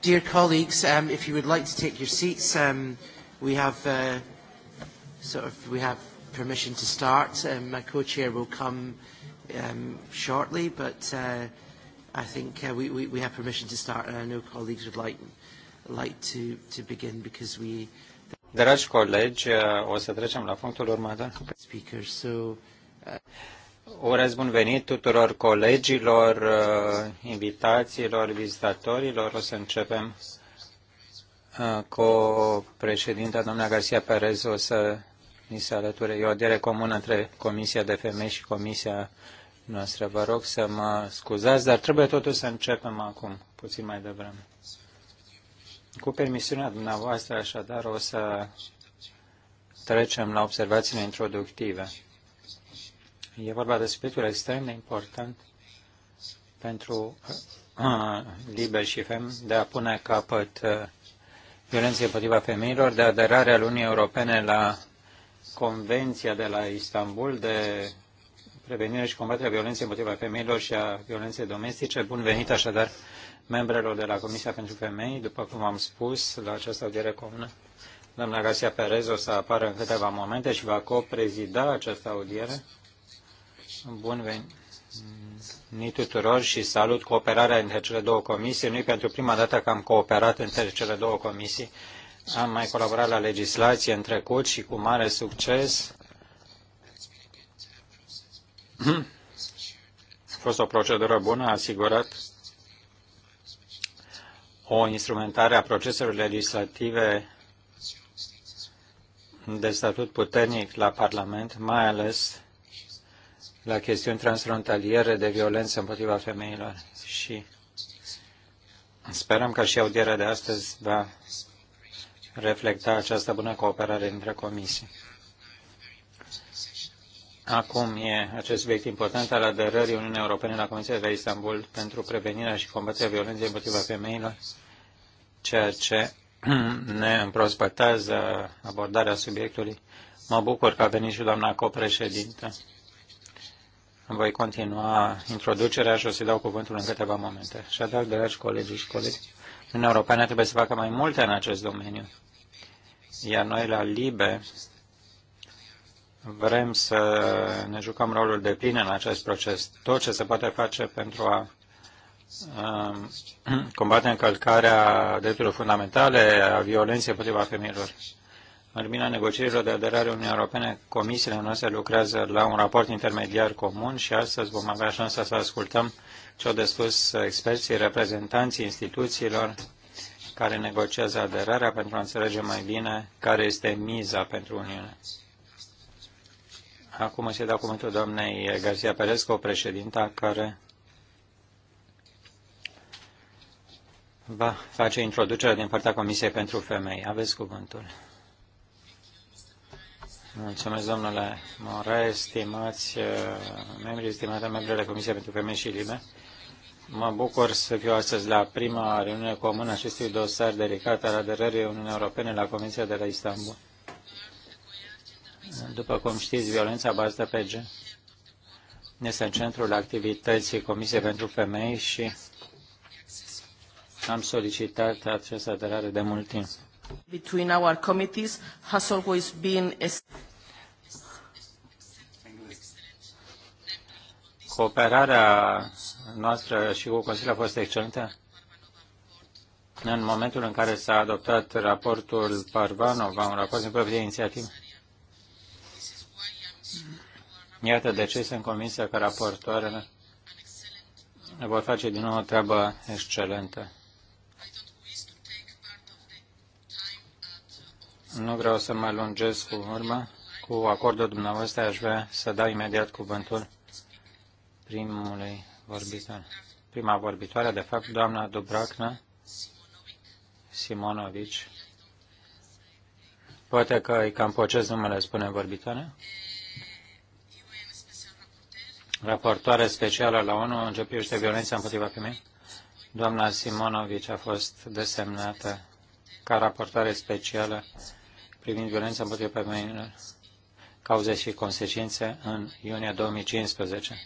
Dear colleagues, um, if you would like to take your seats, um, we have uh, sort of we have permission to start. Um, my co-chair will come um, shortly, but uh, I think uh, we, we, we have permission to start, and I know colleagues would like like to to begin because we. Dragi colegi, uh, o să trecem la punctul următor. Speakers, so, uh... Urez bun venit tuturor colegilor, uh, invitațiilor, vizitatorilor. O să începem uh, cu președinta doamna Garcia Perez. O să ni se alăture. E o adere comună între Comisia de Femei și Comisia noastră. Vă rog să mă scuzați, dar trebuie totuși să începem acum, puțin mai devreme. Cu permisiunea dumneavoastră, așadar, o să trecem la observațiile introductive. E vorba de spiritul extrem de important pentru uh, uh, liber și fem de a pune capăt uh, violenței împotriva femeilor, de aderarea Uniunii Europene la Convenția de la Istanbul de prevenire și combaterea violenței împotriva femeilor și a violenței domestice. Bun venit așadar membrelor de la Comisia pentru Femei, după cum am spus la această audiere comună. Doamna Garcia Perez o să apară în câteva momente și va coprezida această audiere Bun venit tuturor și salut cooperarea între cele două comisii. Nu pentru prima dată că am cooperat între cele două comisii. Am mai colaborat la legislație în trecut și cu mare succes. A fost o procedură bună, a asigurat o instrumentare a proceselor legislative de statut puternic la Parlament, mai ales la chestiuni transfrontaliere de violență împotriva femeilor și sperăm că și audierea de astăzi va reflecta această bună cooperare între comisii. Acum e acest subiect important al aderării Uniunii Europene la Comisia de la Istanbul pentru prevenirea și combaterea violenței împotriva femeilor, ceea ce ne împrospătează abordarea subiectului. Mă bucur că a venit și doamna copreședintă voi continua introducerea și o să dau cuvântul în câteva momente. Și adar, dragi colegi și colegi, în Europeană trebuie să facă mai multe în acest domeniu. Iar noi la LIBE vrem să ne jucăm rolul de plin în acest proces. Tot ce se poate face pentru a um, combate încălcarea drepturilor fundamentale, a violenței împotriva femeilor lumina negocierilor de aderare Uniunii Europene, comisiile noastre lucrează la un raport intermediar comun și astăzi vom avea șansa să ascultăm ce au de spus experții, reprezentanții instituțiilor care negociază aderarea pentru a înțelege mai bine care este miza pentru Uniune. Acum se dau cuvântul doamnei Garcia Perescu, președinta, care va face introducerea din partea Comisiei pentru Femei. Aveți cuvântul. Mulțumesc, domnule More, stimați uh, membri, stimate membri ale Comisiei pentru Femei și Libe. Mă bucur să fiu astăzi la prima reuniune comună acestui dosar dedicat al aderării Uniunii Europene la Convenția de la Istanbul. După cum știți, violența bazată pe gen este în centrul activității Comisiei pentru Femei și am solicitat această aderare de mult timp. Between our committees has always been a... Cooperarea noastră și cu Consiliul a fost excelentă. În momentul în care s-a adoptat raportul Barbanova, un raport din proprie inițiativă, Iată de ce sunt convinsă că raportoarele vor face din nou o treabă excelentă. Nu vreau să mă lungesc cu urma. Cu acordul dumneavoastră aș vrea să dau imediat cuvântul primului vorbitor. Prima vorbitoare, de fapt, doamna Dubracna Simonovic. Poate că e cam pocez numele, spune vorbitoarea. Raportoare specială la ONU în ce privește violența împotriva femei. Doamna Simonovic a fost desemnată ca raportoare specială privind violența împotriva femeilor, cauze și consecințe în iunie 2015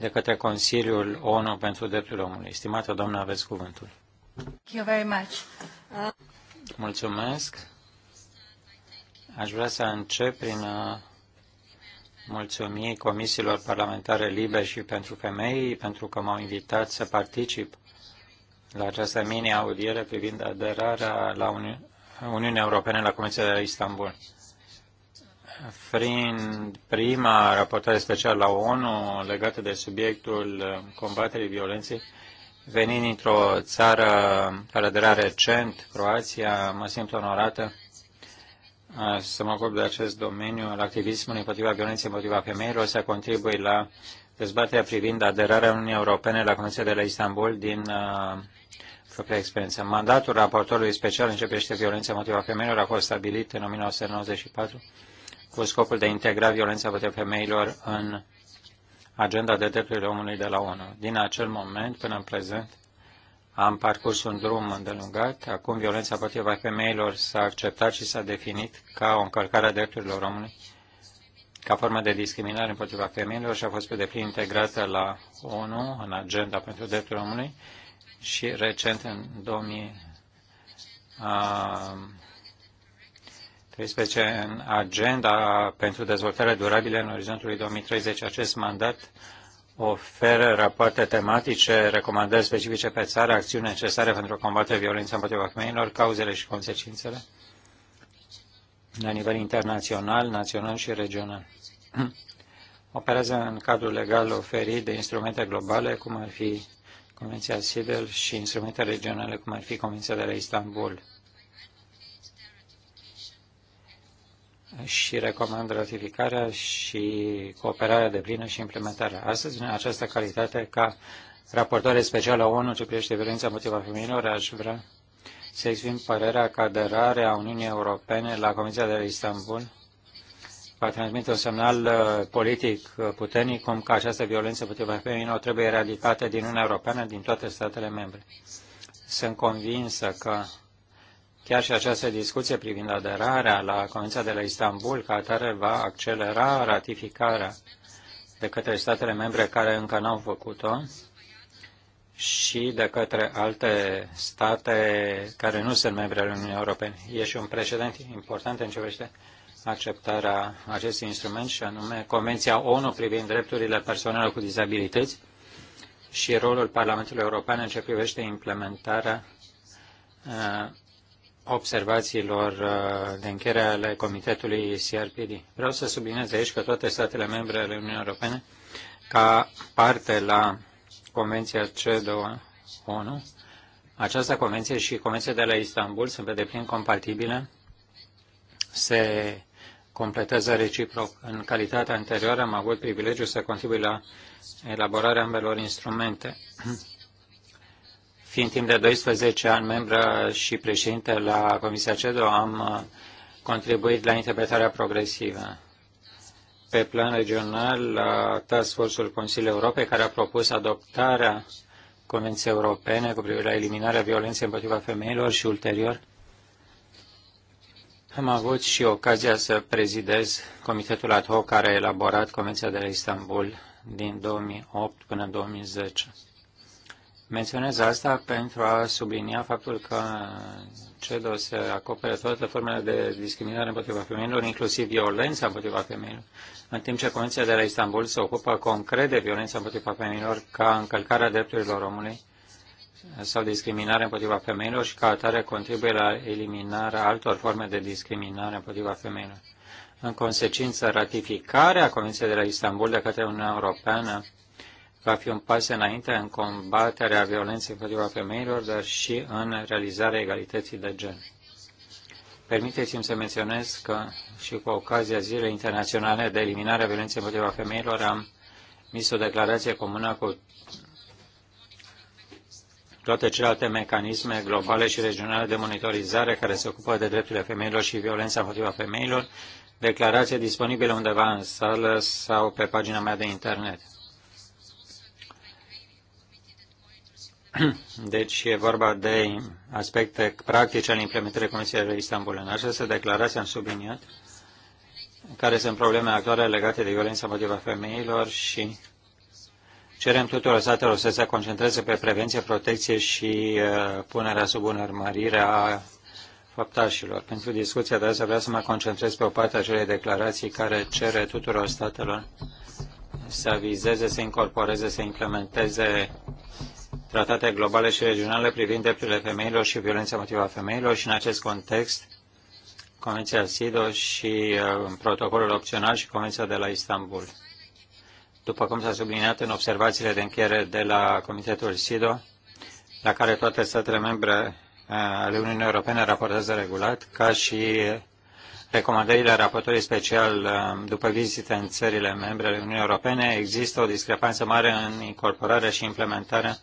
de către Consiliul ONU pentru Drepturile Omului. Stimată doamnă, aveți cuvântul. Thank you very much. Mulțumesc. Aș vrea să încep prin a mulțumi comisiilor parlamentare libe și pentru femei pentru că m-au invitat să particip la această mini-audiere privind aderarea la Uni Uniunea Europeană la comisia de la Istanbul fiind prima raportare specială la ONU legată de subiectul combaterii violenței, venind dintr-o țară care adera recent, Croația, mă simt onorată să mă ocup de acest domeniu al activismului împotriva violenței împotriva femeilor, să contribui la dezbaterea privind aderarea Uniunii Europene la Convenția de la Istanbul din propria experiență. Mandatul raportorului special începește violența motiva femeilor a fost stabilit în 1994 cu scopul de a integra violența pentru femeilor în agenda de drepturile omului de la ONU. Din acel moment până în prezent am parcurs un drum îndelungat. Acum violența împotriva femeilor s-a acceptat și s-a definit ca o încălcare a drepturilor omului, ca formă de discriminare împotriva femeilor și a fost pe deplin integrată la ONU în agenda pentru drepturile omului și recent în 2000 a 13 în agenda pentru dezvoltarea durabilă în orizontului 2030. Acest mandat oferă rapoarte tematice, recomandări specifice pe țară, acțiuni necesare pentru a combate violența împotriva femeilor, cauzele și consecințele la nivel internațional, național și regional. Operează în cadrul legal oferit de instrumente globale, cum ar fi Convenția SIDEL și instrumente regionale, cum ar fi Convenția de la Istanbul. și recomand ratificarea și cooperarea de plină și implementarea. Astăzi, în această calitate, ca raportoare specială ONU ce privește violența împotriva femeilor, aș vrea să exprim părerea că aderarea Uniunii Europene la Comisia de la Istanbul va transmite un semnal uh, politic uh, puternic cum că această violență împotriva femeilor trebuie eradicată din Uniunea Europeană, din toate statele membre. Sunt convinsă că Chiar și această discuție privind aderarea la Convenția de la Istanbul, ca atare va accelera ratificarea de către statele membre care încă n-au făcut-o și de către alte state care nu sunt membre ale Uniunii Europene. E și un precedent important în ce privește acceptarea acestui instrument și anume Convenția ONU privind drepturile persoanelor cu dizabilități și rolul Parlamentului European în ce privește implementarea uh, observațiilor uh, de încheiere ale Comitetului CRPD. Vreau să subliniez aici că toate statele membre ale Uniunii Europene, ca parte la Convenția C2 ONU, această convenție și convenția de la Istanbul sunt pe deplin compatibile, se completează reciproc. În calitatea anterioară am avut privilegiul să contribui la elaborarea ambelor instrumente. Fiind timp de 12 ani membră și președinte la Comisia CEDO, am uh, contribuit la interpretarea progresivă. Pe plan regional, la uh, Task Force-ul Consiliului Europei, care a propus adoptarea Convenției Europene cu privire la eliminarea violenței împotriva femeilor și ulterior, am avut și ocazia să prezidez comitetul ad hoc care a elaborat Convenția de la Istanbul din 2008 până 2010. Menționez asta pentru a sublinia faptul că CEDO se acoperă toate formele de discriminare împotriva femeilor, inclusiv violența împotriva femeilor, în timp ce Convenția de la Istanbul se ocupă concret de violența împotriva femeilor ca încălcarea drepturilor omului sau discriminare împotriva femeilor și ca atare contribuie la eliminarea altor forme de discriminare împotriva femeilor. În consecință, ratificarea Convenției de la Istanbul de către Uniunea Europeană va fi un pas înainte în combaterea violenței împotriva femeilor, dar și în realizarea egalității de gen. Permiteți-mi să menționez că și cu ocazia Zilei Internaționale de Eliminare a Violenței împotriva femeilor am mis o declarație comună cu toate celelalte mecanisme globale și regionale de monitorizare care se ocupă de drepturile femeilor și violența împotriva femeilor, declarație disponibilă undeva în sală sau pe pagina mea de internet. Deci e vorba de aspecte practice ale implementării Convenției de Istanbul. În această declarație am subliniat care sunt probleme actuale legate de violența împotriva femeilor și cerem tuturor statelor să se concentreze pe prevenție, protecție și uh, punerea sub urmărire a făptașilor. Pentru discuția de azi vreau să mă concentrez pe o parte a acelei declarații care cere tuturor statelor să vizeze, să incorporeze, să implementeze tratate globale și regionale privind drepturile femeilor și violența împotriva femeilor și în acest context Convenția SIDO și uh, protocolul opțional și Convenția de la Istanbul. După cum s-a subliniat în observațiile de încheiere de la Comitetul SIDO, la care toate statele membre uh, ale Uniunii Europene raportează regulat, ca și recomandările raportului special uh, după vizite în țările membre ale Uniunii Europene, există o discrepanță mare în incorporarea și implementarea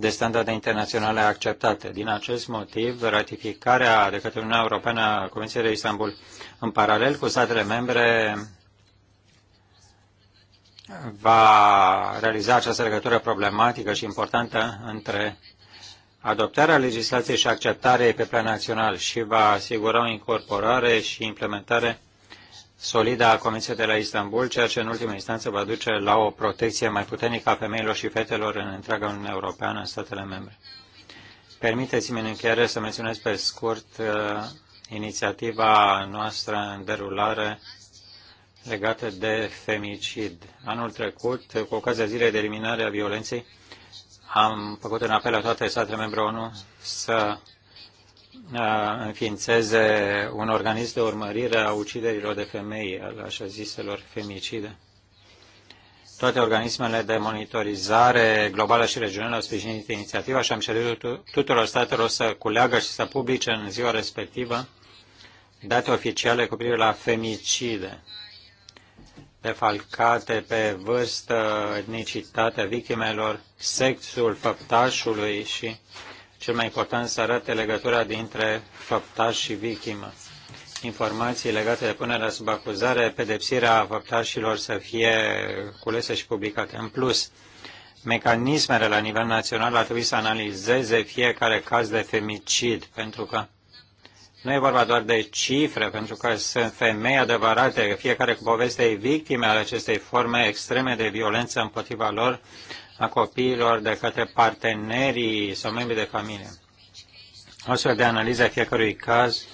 de standarde internaționale acceptate. Din acest motiv, ratificarea de către Uniunea Europeană a Convenției de Istanbul în paralel cu statele membre va realiza această legătură problematică și importantă între adoptarea legislației și acceptarea ei pe plan național și va asigura o incorporare și implementare solidă a Comisiei de la Istanbul, ceea ce în ultimă instanță va duce la o protecție mai puternică a femeilor și fetelor în întreaga Uniune Europeană, în statele membre. Permiteți-mi în încheiere să menționez pe scurt uh, inițiativa noastră în derulare legată de femicid. Anul trecut, cu ocazia zilei de eliminare a violenței, am făcut un apel la toate statele membre ONU să înființeze un organism de urmărire a uciderilor de femei, al așa ziselor femicide. Toate organismele de monitorizare globală și regională au sprijinit inițiativa și am cerut tuturor statelor să culeagă și să publice în ziua respectivă date oficiale cu privire la femicide defalcate pe vârstă, etnicitatea victimelor, sexul făptașului și cel mai important să arate legătura dintre făptaș și victimă. Informații legate de punerea sub acuzare, pedepsirea făptașilor să fie culese și publicate. În plus, mecanismele la nivel național ar trebui să analizeze fiecare caz de femicid, pentru că nu e vorba doar de cifre, pentru că sunt femei adevărate, fiecare cu poveste e victime ale acestei forme extreme de violență împotriva lor a copiilor de către partenerii sau membrii de familie. O să de analiza fiecărui caz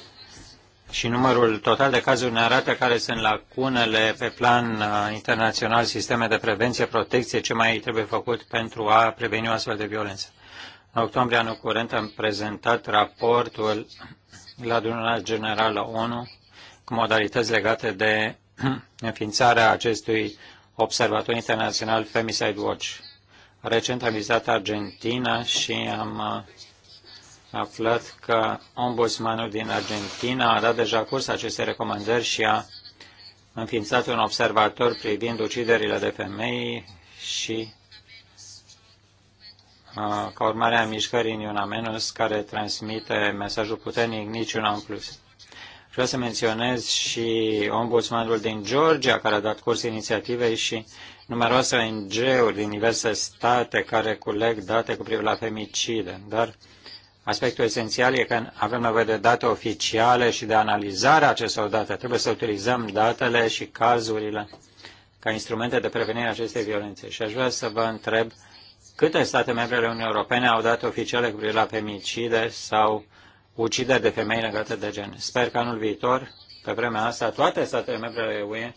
și numărul total de cazuri ne arată care sunt lacunele pe plan uh, internațional, sisteme de prevenție, protecție, ce mai trebuie făcut pentru a preveni o astfel de violență. În octombrie anul curent am prezentat raportul la adunarea generală ONU cu modalități legate de înființarea acestui observator internațional Femicide Watch. Recent am vizitat Argentina și am uh, aflat că ombudsmanul din Argentina a dat deja curs aceste recomandări și a înființat un observator privind uciderile de femei și uh, ca urmare a mișcării în Ionamenus, care transmite mesajul puternic niciun în plus. Vreau să menționez și ombudsmanul din Georgia, care a dat curs inițiativei și numeroase ONG-uri din diverse state care culeg date cu privire la femicide, dar aspectul esențial e că avem nevoie de date oficiale și de analizarea acestor date. Trebuie să utilizăm datele și cazurile ca instrumente de prevenire a acestei violențe. Și aș vrea să vă întreb câte state membre ale Uniunii Europene au date oficiale cu privire la femicide sau ucideri de femei legate de gen. Sper că anul viitor, pe vremea asta, toate statele membre ale UE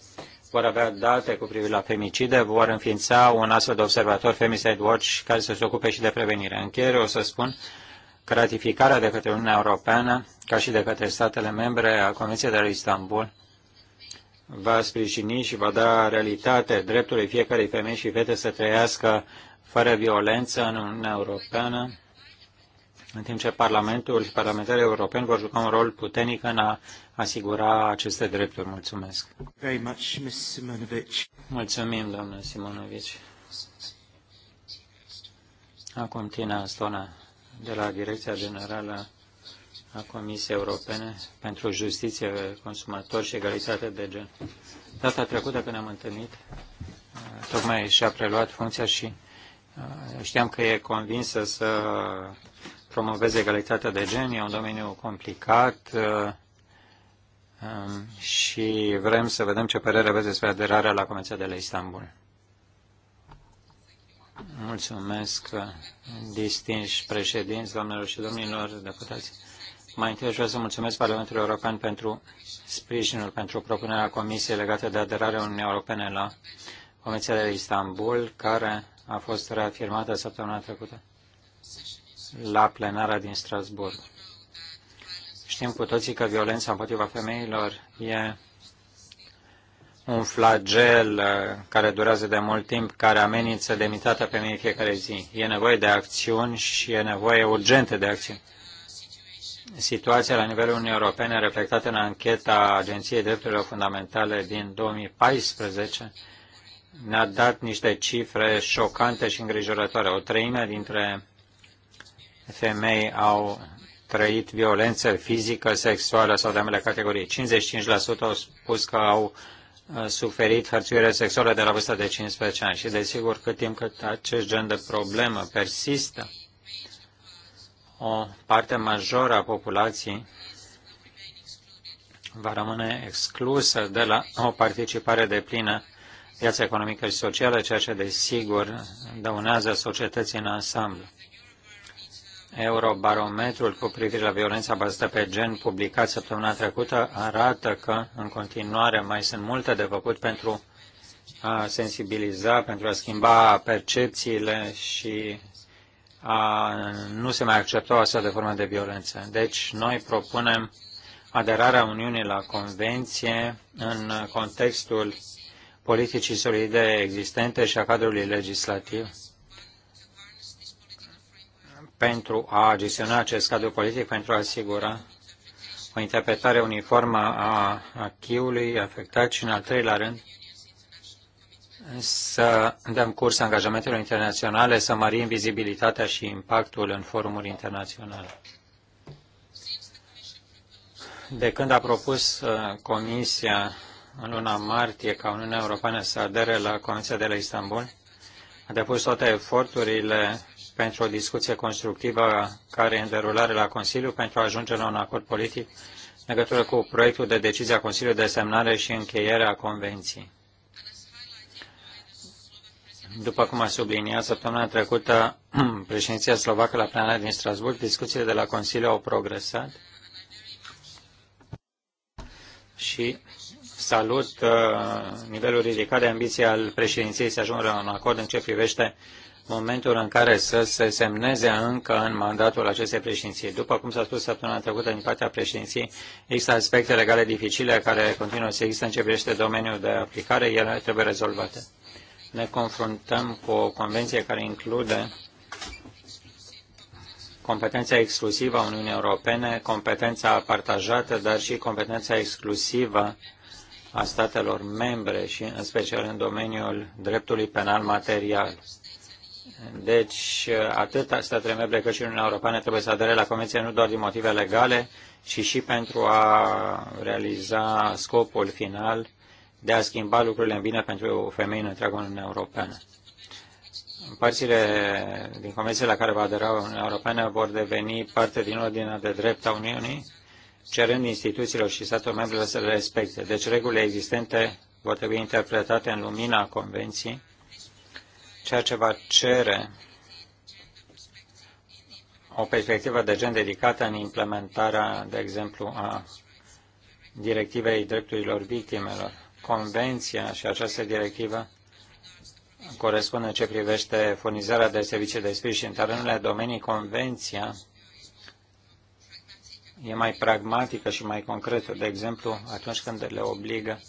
vor avea date cu privire la femicide, vor înființa un astfel de observator Femicide Watch care să se ocupe și de prevenire. încheiere o să spun că ratificarea de către Uniunea Europeană, ca și de către statele membre a Convenției de la Istanbul, va sprijini și va da realitate dreptului fiecarei femei și fete să trăiască fără violență în Uniunea Europeană în timp ce Parlamentul și parlamentarii europeni vor juca un rol puternic în a asigura aceste drepturi. Mulțumesc. Very much, Mulțumim, doamnă Simonovici. Acum Tina Stona, de la Direcția Generală a Comisiei Europene pentru Justiție, Consumatori și Egalitate de Gen. Data trecută când am întâlnit, tocmai și-a preluat funcția și uh, știam că e convinsă să promovezi egalitatea de gen. E un domeniu complicat uh, um, și vrem să vedem ce părere aveți despre aderarea la Convenția de la Istanbul. Mulțumesc, uh, distinși președinți, doamnelor și domnilor deputați. Mai întâi aș vrea să mulțumesc Parlamentului European pentru sprijinul pentru propunerea Comisiei legată de aderarea Uniunii Europene la Convenția de la Istanbul, care a fost reafirmată săptămâna trecută la plenara din Strasburg. Știm cu toții că violența împotriva femeilor e un flagel uh, care durează de mult timp, care amenință demnitatea femeii fiecare zi. E nevoie de acțiuni și e nevoie urgente de acțiuni. Situația la nivelul Uniunii Europene, reflectată în ancheta Agenției Drepturilor Fundamentale din 2014, ne-a dat niște cifre șocante și îngrijorătoare. O treime dintre femei au trăit violență fizică, sexuală sau de ambele categorii. 55% au spus că au uh, suferit hărțuire sexuală de la vârsta de 15 ani. Și desigur, cât timp cât acest gen de problemă persistă, o parte majoră a populației va rămâne exclusă de la o participare de plină viața economică și socială, ceea ce desigur dăunează societății în ansamblu. Eurobarometrul cu privire la violența bazată pe gen publicat săptămâna trecută arată că în continuare mai sunt multe de făcut pentru a sensibiliza, pentru a schimba percepțiile și a nu se mai accepta o astfel de formă de violență. Deci noi propunem aderarea Uniunii la Convenție în contextul politicii solide existente și a cadrului legislativ pentru a gestiona acest cadru politic, pentru a asigura o interpretare uniformă a acquis afectat și, în al treilea rând, să dăm curs angajamentelor internaționale, să mărim vizibilitatea și impactul în forumuri internaționale. De când a propus uh, Comisia în luna martie ca Uniunea Europeană să adere la Convenția de la Istanbul, a depus toate eforturile pentru o discuție constructivă care e în derulare la Consiliu pentru a ajunge la un acord politic în legătură cu proiectul de decizie a Consiliului de semnare și încheiere a Convenției. După cum a subliniat săptămâna trecută președinția slovacă la plena din Strasburg, discuțiile de la Consiliu au progresat și salut uh, nivelul ridicat de ambiție al președinției să ajungă la un acord în ce privește momentul în care să se semneze încă în mandatul acestei președinții. După cum s-a spus săptămâna trecută din partea președinției, există aspecte legale dificile care continuă să există în ce privește domeniul de aplicare, ele trebuie rezolvate. Ne confruntăm cu o convenție care include competența exclusivă a Uniunii Europene, competența partajată, dar și competența exclusivă a statelor membre și în special în domeniul dreptului penal material. Deci, atât statele membre cât și Uniunea Europeană trebuie să adere la Convenție nu doar din motive legale, ci și pentru a realiza scopul final de a schimba lucrurile în bine pentru femei în întreaga Uniune Europeană. Părțile din Convenție la care va adera Uniunea Europeană vor deveni parte din ordinea de drept a Uniunii, cerând instituțiilor și statelor membre să le respecte. Deci, regulile existente vor trebui interpretate în lumina Convenției ceea ce va cere o perspectivă de gen dedicată în implementarea, de exemplu, a directivei drepturilor victimelor. Convenția și această directivă corespund în ce privește furnizarea de servicii de sprijin, dar în unele domenii convenția e mai pragmatică și mai concretă. De exemplu, atunci când le obligă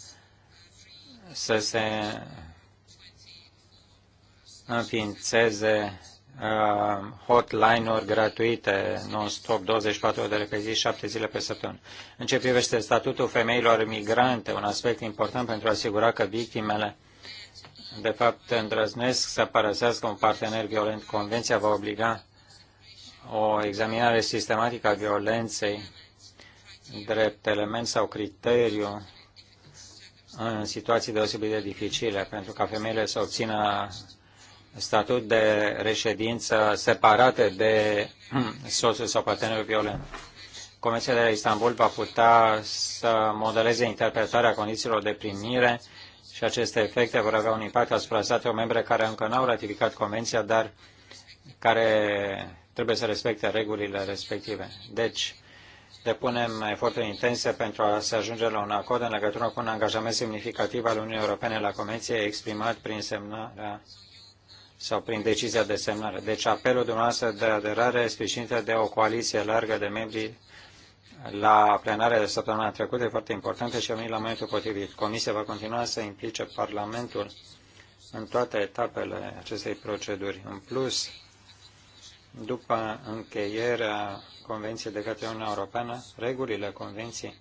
să se înființeze uh, hotline-uri gratuite non-stop, 24 de ore pe zi, 7 zile pe săptămână. În ce privește statutul femeilor migrante, un aspect important pentru a asigura că victimele de fapt îndrăznesc să părăsească un partener violent, convenția va obliga o examinare sistematică a violenței drept element sau criteriu în situații deosebit de dificile, pentru ca femeile să obțină statut de reședință separate de soțul sau partenerul violent. Convenția de la Istanbul va putea să modeleze interpretarea condițiilor de primire și aceste efecte vor avea un impact asupra statelor membre care încă n-au ratificat convenția, dar care trebuie să respecte regulile respective. Deci, depunem eforturi intense pentru a se ajunge la un acord în legătură cu un angajament semnificativ al Uniunii Europene la Convenție exprimat prin semnarea sau prin decizia de semnare. Deci apelul dumneavoastră de aderare este sprijinită de o coaliție largă de membri la plenarea de săptămâna trecută e foarte importantă și a venit la momentul potrivit. Comisia va continua să implice Parlamentul în toate etapele acestei proceduri. În plus, după încheierea Convenției de către Uniunea Europeană, regulile Convenției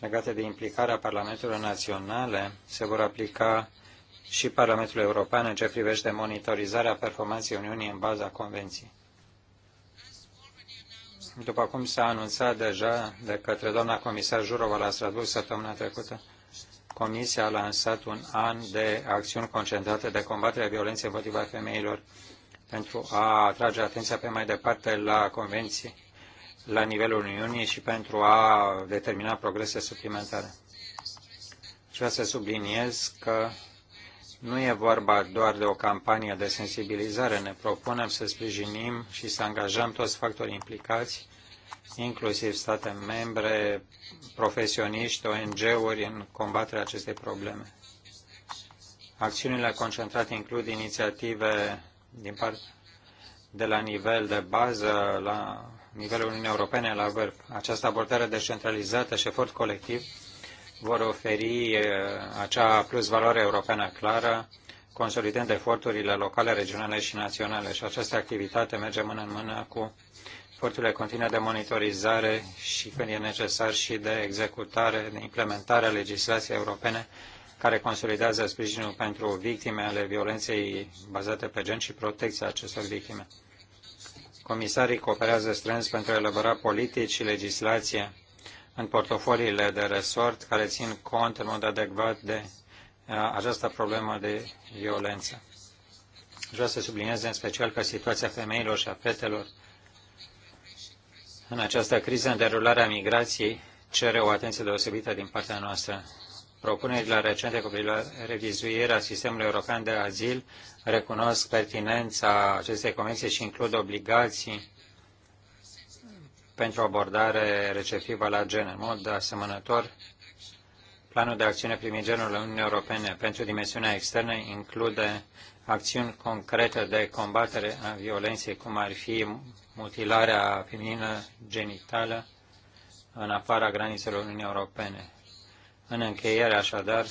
legate de implicarea Parlamentului Naționale se vor aplica și Parlamentul European în ce privește monitorizarea performanței Uniunii în baza Convenției. După cum s-a anunțat deja de către doamna comisar Jurova la Strasbourg săptămâna trecută, Comisia a lansat un an de acțiuni concentrate de combatere a violenței împotriva femeilor pentru a atrage atenția pe mai departe la convenții la nivelul Uniunii și pentru a determina progrese suplimentare. Și vreau să subliniez că nu e vorba doar de o campanie de sensibilizare. Ne propunem să sprijinim și să angajăm toți factorii implicați, inclusiv state membre, profesioniști, ONG-uri, în combaterea acestei probleme. Acțiunile concentrate includ inițiative din part de la nivel de bază, la nivelul Uniunii Europene, la vârf. Această abordare descentralizată și efort colectiv vor oferi uh, acea plus valoare europeană clară, consolidând eforturile locale, regionale și naționale. Și această activitate merge mână în mână cu eforturile continue de monitorizare și, când e necesar, și de executare, de implementare a legislației europene care consolidează sprijinul pentru victime ale violenței bazate pe gen și protecția acestor victime. Comisarii cooperează strâns pentru a elabora politici și legislație în portofoliile de resort care țin cont în mod adecvat de această problemă de violență. Vreau să subliniez în special că situația femeilor și a fetelor în această criză în derularea migrației cere o atenție deosebită din partea noastră. Propunerile recente cu privire la revizuirea sistemului european de azil recunosc pertinența acestei convenții și includ obligații pentru o abordare receptivă la gen. În mod asemănător, planul de acțiune privind genul Uniunii Europene pentru dimensiunea externă include acțiuni concrete de combatere a violenței, cum ar fi mutilarea feminină genitală în afara granițelor Uniunii Europene. În încheiere, așadar,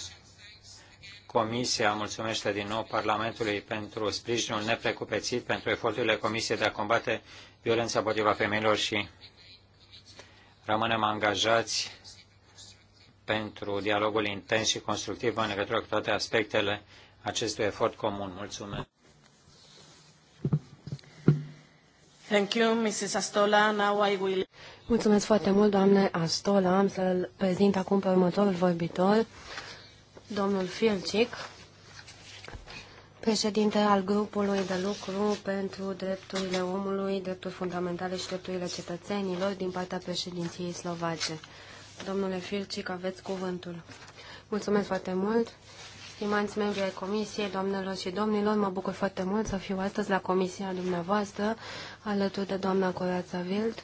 Comisia mulțumește din nou Parlamentului pentru sprijinul neprecupețit pentru eforturile Comisiei de a combate violența împotriva femeilor și Rămânem angajați pentru dialogul intens și constructiv în legătură cu toate aspectele acestui efort comun. Mulțumesc! Thank you, Mrs. Astola. Now I will... Mulțumesc foarte mult, doamne Astola. Am să-l prezint acum pe următorul vorbitor, domnul Filcic președinte al grupului de lucru pentru drepturile omului, drepturi fundamentale și drepturile cetățenilor din partea președinției slovace. Domnule Filcic, aveți cuvântul. Mulțumesc foarte mult. Stimați membri ai Comisiei, doamnelor și domnilor, mă bucur foarte mult să fiu astăzi la Comisia dumneavoastră, alături de doamna Corața Vild.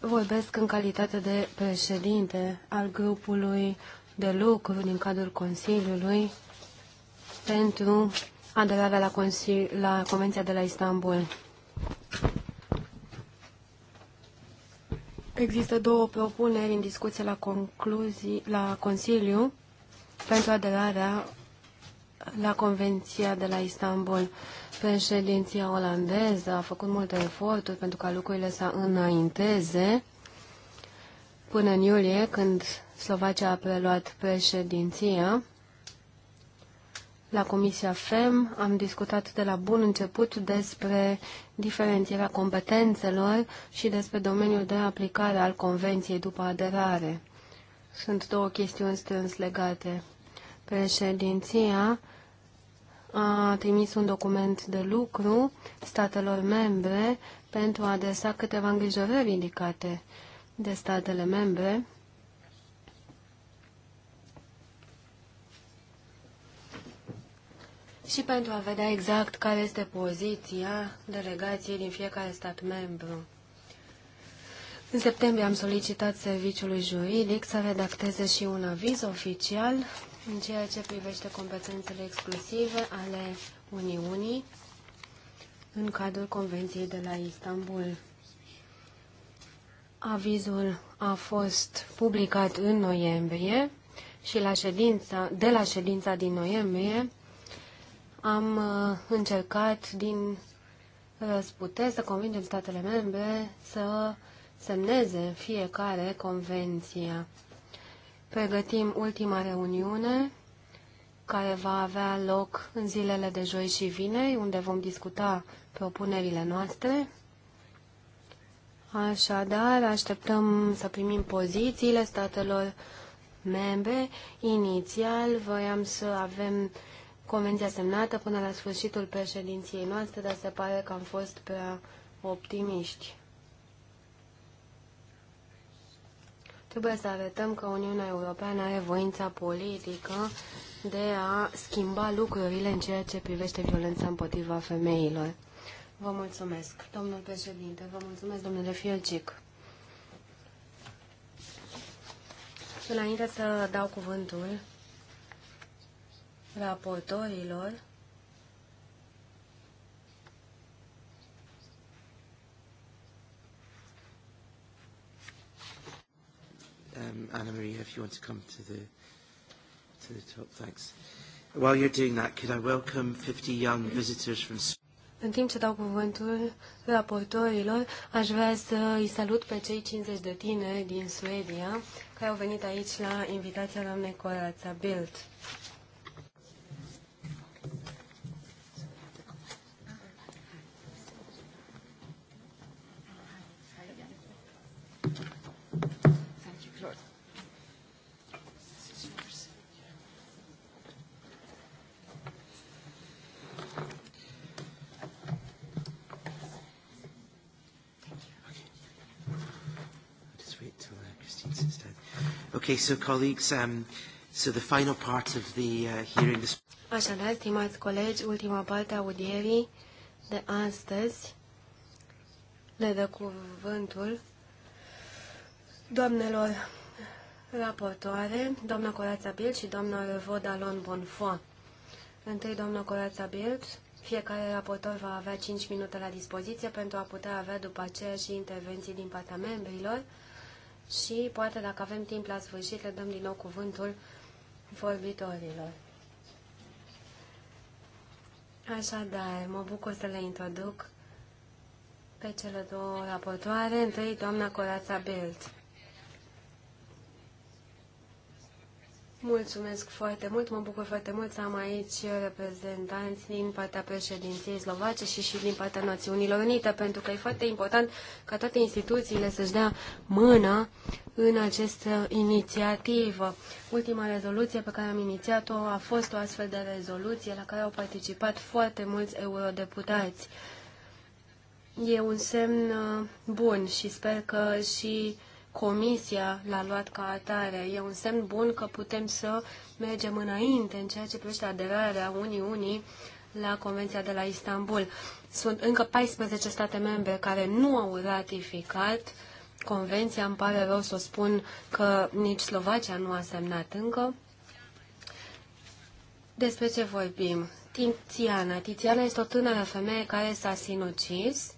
Vorbesc în calitate de președinte al grupului de lucru din cadrul Consiliului pentru aderarea la, la Convenția de la Istanbul. Există două propuneri în discuție la, concluzii, la Consiliu pentru aderarea la Convenția de la Istanbul. Președinția olandeză a făcut multe eforturi pentru ca lucrurile să înainteze până în iulie, când Slovacia a preluat președinția. La Comisia FEM am discutat de la bun început despre diferențierea competențelor și despre domeniul de aplicare al Convenției după aderare. Sunt două chestiuni strâns legate. Președinția a trimis un document de lucru statelor membre pentru a adresa câteva îngrijorări indicate de statele membre și pentru a vedea exact care este poziția delegației din fiecare stat membru. În septembrie am solicitat serviciului juridic să redacteze și un aviz oficial în ceea ce privește competențele exclusive ale Uniunii în cadrul Convenției de la Istanbul. Avizul a fost publicat în noiembrie și la ședința, de la ședința din noiembrie am uh, încercat din răsputeri să convingem statele membre să semneze fiecare convenție. Pregătim ultima reuniune care va avea loc în zilele de joi și vineri, unde vom discuta propunerile noastre. Așadar, așteptăm să primim pozițiile statelor membre. Inițial, voiam să avem convenția semnată până la sfârșitul președinției noastre, dar se pare că am fost prea optimiști. Trebuie să arătăm că Uniunea Europeană are voința politică de a schimba lucrurile în ceea ce privește violența împotriva femeilor. Vă mulțumesc, domnul președinte, vă mulțumesc, domnule Fielcic. Înainte să dau cuvântul raportorilor um, Anna Maria, if you want to come to the to the top, thanks. While you're doing that, could I welcome 50 young visitors from În timp ce dau cuvântul raportorilor, aș vrea să îi salut pe cei 50 de tineri din Suedia care au venit aici la invitația doamnei Corața Bild. Okay, so colleagues, um, so the final part of the uh, hearing this... Așadar, stimați colegi, ultima parte a audierii de astăzi le dă cuvântul doamnelor raportoare, doamna Corața Bilt și doamna Revodalon Bonfoy. Întâi, doamna Corața Bilt, fiecare raportor va avea 5 minute la dispoziție pentru a putea avea după aceea și intervenții din partea membrilor și poate dacă avem timp la sfârșit le dăm din nou cuvântul vorbitorilor. Așadar, mă bucur să le introduc pe cele două raportoare. Întâi, doamna Corața Belt. Mulțumesc foarte mult, mă bucur foarte mult să am aici reprezentanți din partea președinției slovace și și din partea Națiunilor Unite, pentru că e foarte important ca toate instituțiile să-și dea mâna în această inițiativă. Ultima rezoluție pe care am inițiat-o a fost o astfel de rezoluție la care au participat foarte mulți eurodeputați. E un semn bun și sper că și Comisia l-a luat ca atare. E un semn bun că putem să mergem înainte în ceea ce privește aderarea unii la Convenția de la Istanbul. Sunt încă 14 state membre care nu au ratificat Convenția. Îmi pare rău să spun că nici Slovacia nu a semnat încă. Despre ce vorbim? Tiziana. Tiziana este o tânără femeie care s-a sinucis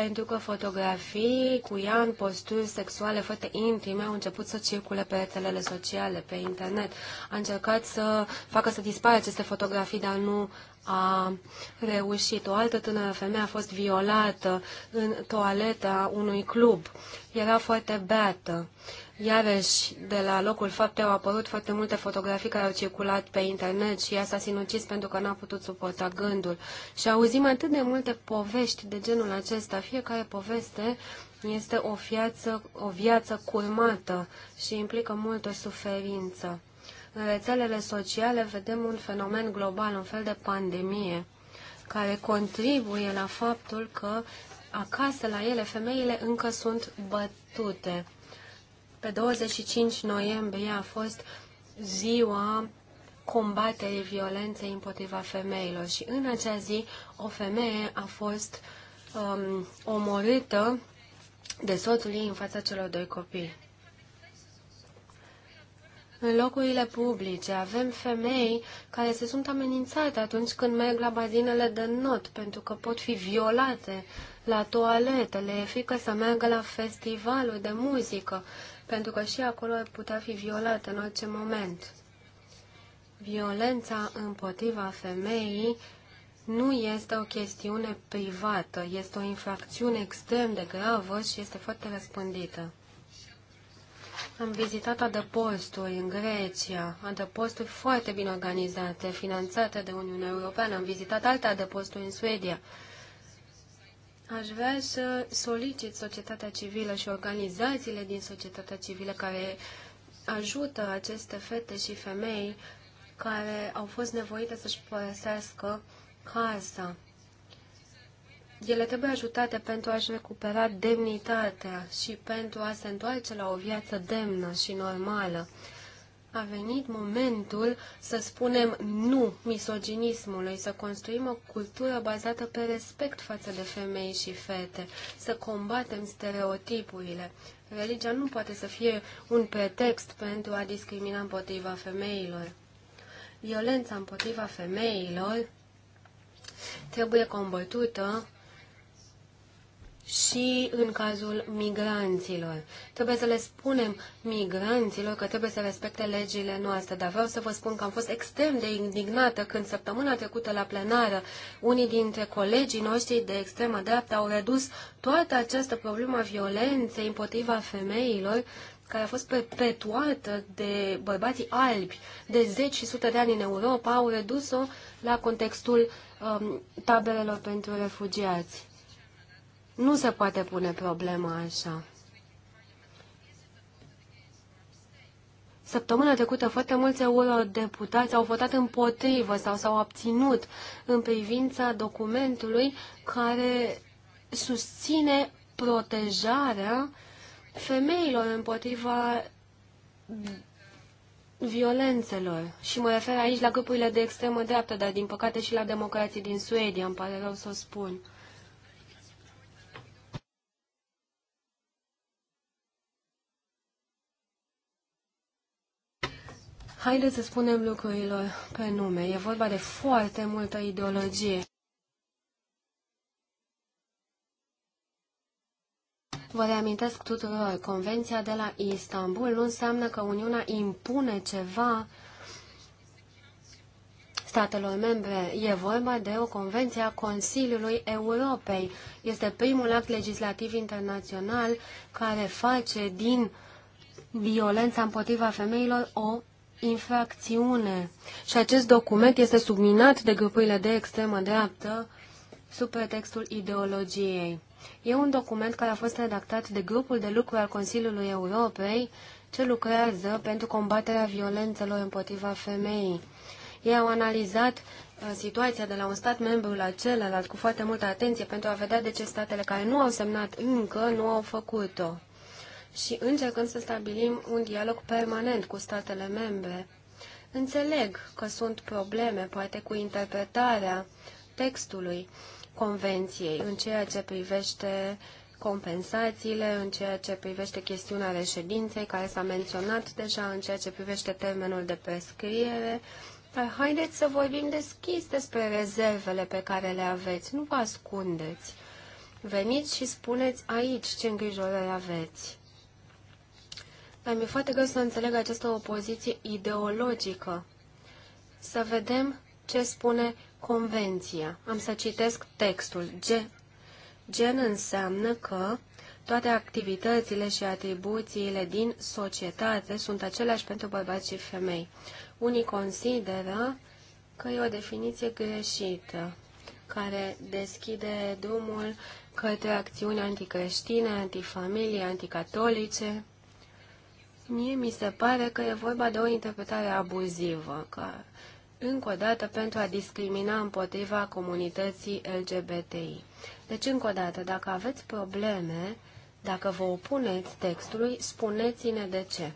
pentru că fotografii cu ea în posturi sexuale foarte intime au început să circule pe rețelele sociale, pe internet. A încercat să facă să dispară aceste fotografii, dar nu a reușit. O altă tânără femeie a fost violată în toaleta unui club. Era foarte beată. Iarăși, de la locul faptei au apărut foarte multe fotografii care au circulat pe internet și ea s-a sinucis pentru că n-a putut suporta gândul. Și auzim atât de multe povești de genul acesta. Fiecare poveste este o viață, o viață curmată și implică multă suferință. În rețelele sociale vedem un fenomen global, un fel de pandemie, care contribuie la faptul că acasă la ele femeile încă sunt bătute pe 25 noiembrie a fost ziua combaterii violenței împotriva femeilor și în acea zi o femeie a fost um, omorâtă de soțul ei în fața celor doi copii. În locurile publice avem femei care se sunt amenințate atunci când merg la bazinele de not, pentru că pot fi violate la toaletă, le e frică să meargă la festivalul de muzică, pentru că și acolo ar putea fi violat în orice moment. Violența împotriva femeii nu este o chestiune privată, este o infracțiune extrem de gravă și este foarte răspândită. Am vizitat adăposturi în Grecia, adăposturi foarte bine organizate, finanțate de Uniunea Europeană. Am vizitat alte adăposturi în Suedia. Aș vrea să solicit societatea civilă și organizațiile din societatea civilă care ajută aceste fete și femei care au fost nevoite să-și părăsească casa. Ele trebuie ajutate pentru a-și recupera demnitatea și pentru a se întoarce la o viață demnă și normală a venit momentul să spunem nu misoginismului, să construim o cultură bazată pe respect față de femei și fete, să combatem stereotipurile. Religia nu poate să fie un pretext pentru a discrimina împotriva femeilor. Violența împotriva femeilor trebuie combătută și în cazul migranților. Trebuie să le spunem migranților că trebuie să respecte legile noastre, dar vreau să vă spun că am fost extrem de indignată când săptămâna trecută la plenară unii dintre colegii noștri de extremă dreaptă au redus toată această problemă a violenței împotriva femeilor care a fost perpetuată de bărbații albi de zeci și sute de ani în Europa, au redus-o la contextul um, taberelor pentru refugiați. Nu se poate pune problema așa. Săptămâna trecută foarte mulți eurodeputați au votat împotrivă sau s-au abținut în privința documentului care susține protejarea femeilor împotriva violențelor. Și mă refer aici la grupurile de extremă dreaptă, dar din păcate și la democrații din Suedia, îmi pare rău să o spun. Haideți să spunem lucrurilor pe nume. E vorba de foarte multă ideologie. Vă reamintesc tuturor, Convenția de la Istanbul nu înseamnă că Uniunea impune ceva statelor membre. E vorba de o convenție a Consiliului Europei. Este primul act legislativ internațional care face din violența împotriva femeilor o infracțiune și acest document este subminat de grupurile de extremă dreaptă sub pretextul ideologiei. E un document care a fost redactat de grupul de lucru al Consiliului Europei ce lucrează pentru combaterea violențelor împotriva femeii. Ei au analizat uh, situația de la un stat membru la celălalt cu foarte multă atenție pentru a vedea de ce statele care nu au semnat încă nu au făcut-o și încercând să stabilim un dialog permanent cu statele membre. Înțeleg că sunt probleme, poate cu interpretarea textului convenției în ceea ce privește compensațiile, în ceea ce privește chestiunea reședinței, care s-a menționat deja, în ceea ce privește termenul de prescriere. Dar haideți să vorbim deschis despre rezervele pe care le aveți. Nu vă ascundeți. Veniți și spuneți aici ce îngrijorări aveți. Dar mi-e foarte greu să înțeleg această opoziție ideologică. Să vedem ce spune convenția. Am să citesc textul. Gen, gen înseamnă că toate activitățile și atribuțiile din societate sunt aceleași pentru bărbați și femei. Unii consideră că e o definiție greșită, care deschide drumul către acțiuni anticreștine, antifamilie, anticatolice. Mie mi se pare că e vorba de o interpretare abuzivă, că încă o dată pentru a discrimina împotriva comunității LGBTI. Deci, încă o dată, dacă aveți probleme, dacă vă opuneți textului, spuneți-ne de ce.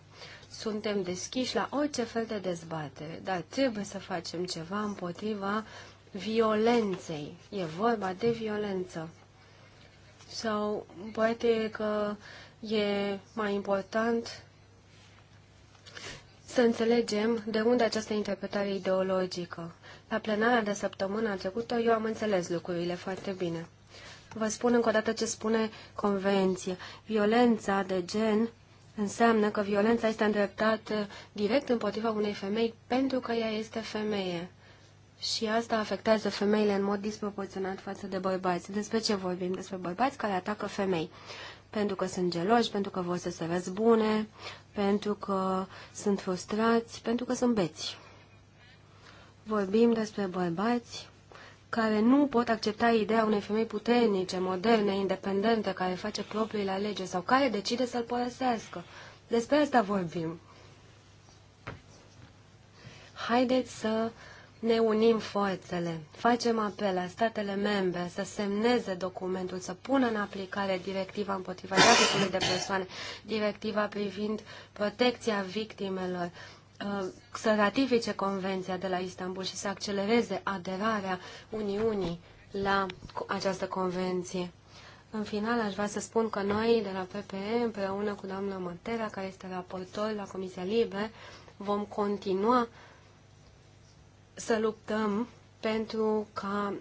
Suntem deschiși la orice fel de dezbatere, dar trebuie să facem ceva împotriva violenței. E vorba de violență. Sau poate că e mai important să înțelegem de unde această interpretare ideologică. La plenarea de săptămâna trecută eu am înțeles lucrurile foarte bine. Vă spun încă o dată ce spune convenția, Violența de gen înseamnă că violența este îndreptată direct împotriva unei femei pentru că ea este femeie. Și asta afectează femeile în mod disproporționat față de bărbați. Despre ce vorbim? Despre bărbați care atacă femei pentru că sunt geloși, pentru că vor să se răzbune, pentru că sunt frustrați, pentru că sunt beți. Vorbim despre bărbați care nu pot accepta ideea unei femei puternice, moderne, independente, care face propriile alegeri sau care decide să-l părăsească. Despre asta vorbim. Haideți să ne unim forțele, facem apel la statele membre să semneze documentul, să pună în aplicare directiva împotriva traficului de persoane, directiva privind protecția victimelor, uh, să ratifice Convenția de la Istanbul și să accelereze aderarea Uniunii la această convenție. În final, aș vrea să spun că noi, de la PPE, împreună cu doamna Matera, care este raportor la Comisia Libe, vom continua să luptăm pentru ca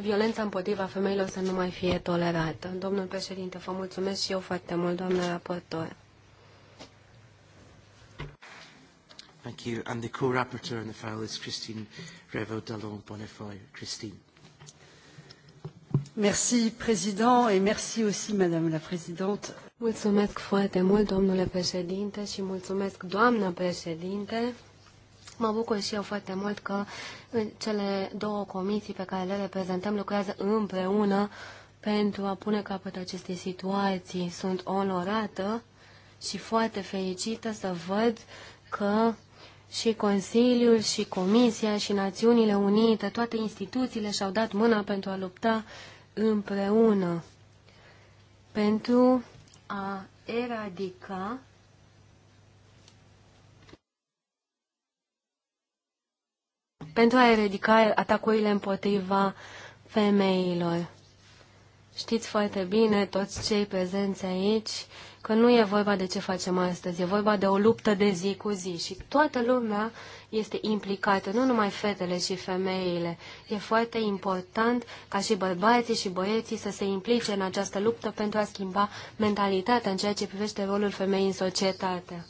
violența împotriva femeilor să nu mai fie tolerată. Domnul președinte, vă mulțumesc și eu foarte mult, doamna raportor. Thank you. And the co-rapporteur on the file is Christine Revo Dallon Bonifoy. Christine. Merci, Président, et merci aussi, Madame la Présidente. Mulțumesc foarte mult, domnule președinte, și mulțumesc, doamna președinte. Mă bucur și eu foarte mult că cele două comisii pe care le reprezentăm lucrează împreună pentru a pune capăt acestei situații. Sunt onorată și foarte fericită să văd că și Consiliul, și Comisia, și Națiunile Unite, toate instituțiile și-au dat mâna pentru a lupta împreună, pentru a eradica pentru a eradica atacurile împotriva femeilor. Știți foarte bine, toți cei prezenți aici, că nu e vorba de ce facem astăzi, e vorba de o luptă de zi cu zi și toată lumea este implicată, nu numai fetele și femeile. E foarte important ca și bărbații și băieții să se implice în această luptă pentru a schimba mentalitatea în ceea ce privește rolul femeii în societate.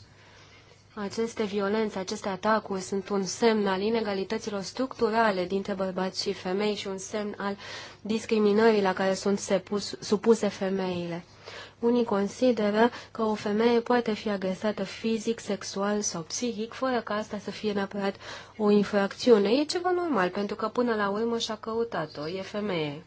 Aceste violențe, aceste atacuri sunt un semn al inegalităților structurale dintre bărbați și femei și un semn al discriminării la care sunt sepus, supuse femeile. Unii consideră că o femeie poate fi agresată fizic, sexual sau psihic, fără ca asta să fie neapărat o infracțiune. E ceva normal, pentru că până la urmă și-a căutat-o, e femeie.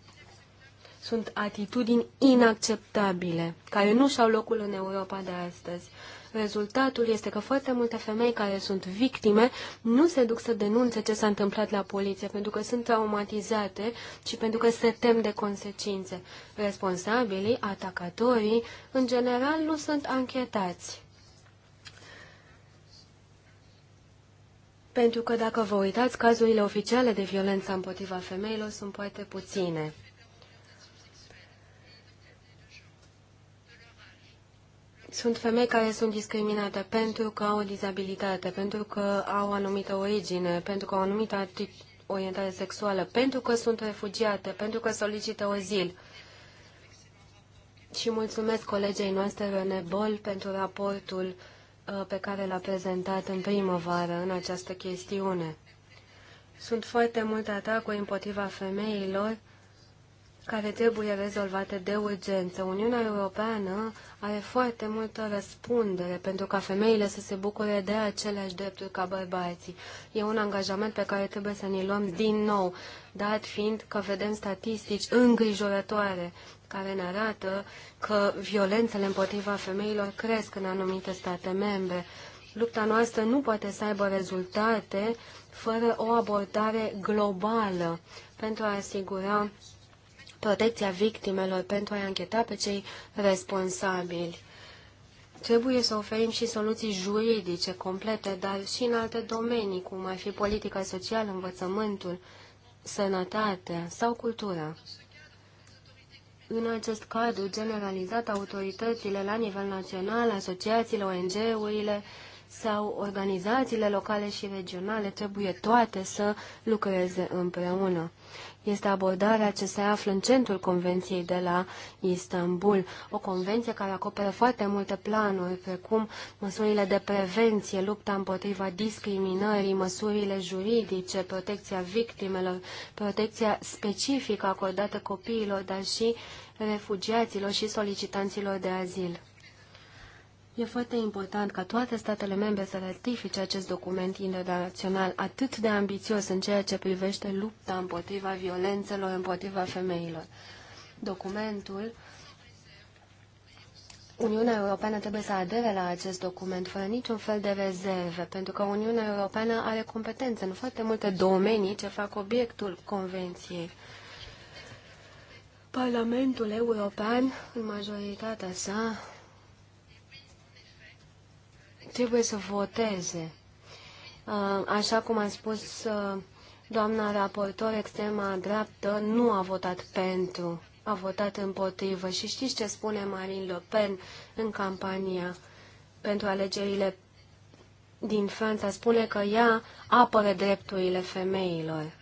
Sunt atitudini inacceptabile, care nu și-au locul în Europa de astăzi. Rezultatul este că foarte multe femei care sunt victime nu se duc să denunțe ce s-a întâmplat la poliție, pentru că sunt traumatizate și pentru că se tem de consecințe. Responsabilii, atacatorii, în general nu sunt anchetați. Pentru că dacă vă uitați, cazurile oficiale de violență împotriva femeilor sunt poate puține. Sunt femei care sunt discriminate pentru că au o dizabilitate, pentru că au anumită origine, pentru că au anumită orientare sexuală, pentru că sunt refugiate, pentru că solicită o zil. Și mulțumesc colegei noastre, Rene Bol, pentru raportul uh, pe care l-a prezentat în primăvară în această chestiune. Sunt foarte multe atacuri împotriva femeilor care trebuie rezolvate de urgență. Uniunea Europeană are foarte multă răspundere pentru ca femeile să se bucure de aceleași drepturi ca bărbații. E un angajament pe care trebuie să ne luăm din nou, dat fiind că vedem statistici îngrijorătoare care ne arată că violențele împotriva femeilor cresc în anumite state membre. Lupta noastră nu poate să aibă rezultate fără o abordare globală pentru a asigura protecția victimelor pentru a-i ancheta pe cei responsabili. Trebuie să oferim și soluții juridice complete, dar și în alte domenii, cum ar fi politica socială, învățământul, sănătatea sau cultura. În acest cadru generalizat, autoritățile la nivel național, asociațiile, ONG-urile, sau organizațiile locale și regionale trebuie toate să lucreze împreună. Este abordarea ce se află în centrul Convenției de la Istanbul, o convenție care acoperă foarte multe planuri, precum măsurile de prevenție, lupta împotriva discriminării, măsurile juridice, protecția victimelor, protecția specifică acordată copiilor, dar și refugiaților și solicitanților de azil. E foarte important ca toate statele membre să ratifice acest document internațional atât de ambițios în ceea ce privește lupta împotriva violențelor împotriva femeilor. Documentul Uniunea Europeană trebuie să adere la acest document fără niciun fel de rezerve, pentru că Uniunea Europeană are competențe în foarte multe domenii ce fac obiectul Convenției. Parlamentul European, în majoritatea sa, trebuie să voteze. Uh, așa cum a spus uh, doamna raportor, extrema dreaptă nu a votat pentru, a votat împotrivă. Și știți ce spune Marine Le Pen în campania pentru alegerile din Franța? Spune că ea apără drepturile femeilor.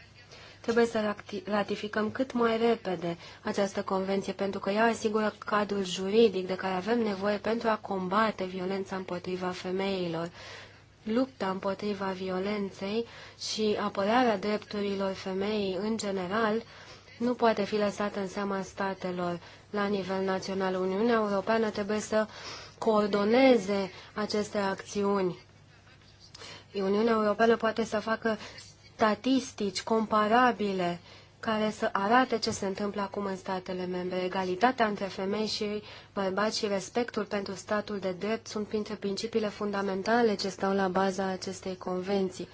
Trebuie să ratificăm cât mai repede această convenție, pentru că ea asigură cadrul juridic de care avem nevoie pentru a combate violența împotriva femeilor. Lupta împotriva violenței și apărarea drepturilor femeii în general nu poate fi lăsată în seama statelor. La nivel național, Uniunea Europeană trebuie să coordoneze aceste acțiuni. Uniunea Europeană poate să facă statistici comparabile care să arate ce se întâmplă acum în statele membre. Egalitatea între femei și bărbați și respectul pentru statul de drept sunt printre principiile fundamentale ce stau la baza acestei convenții.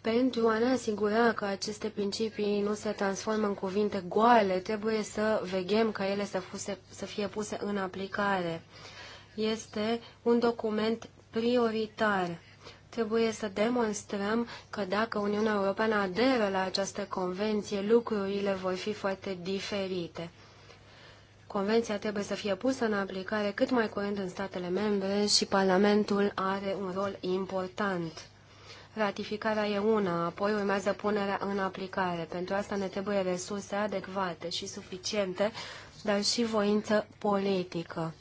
Pentru a ne asigura că aceste principii nu se transformă în cuvinte goale, trebuie să veghem ca ele să, fuse, să fie puse în aplicare. Este un document prioritar Trebuie să demonstrăm că dacă Uniunea Europeană aderă la această convenție, lucrurile vor fi foarte diferite. Convenția trebuie să fie pusă în aplicare cât mai curând în statele membre și Parlamentul are un rol important. Ratificarea e una, apoi urmează punerea în aplicare. Pentru asta ne trebuie resurse adecvate și suficiente, dar și voință politică.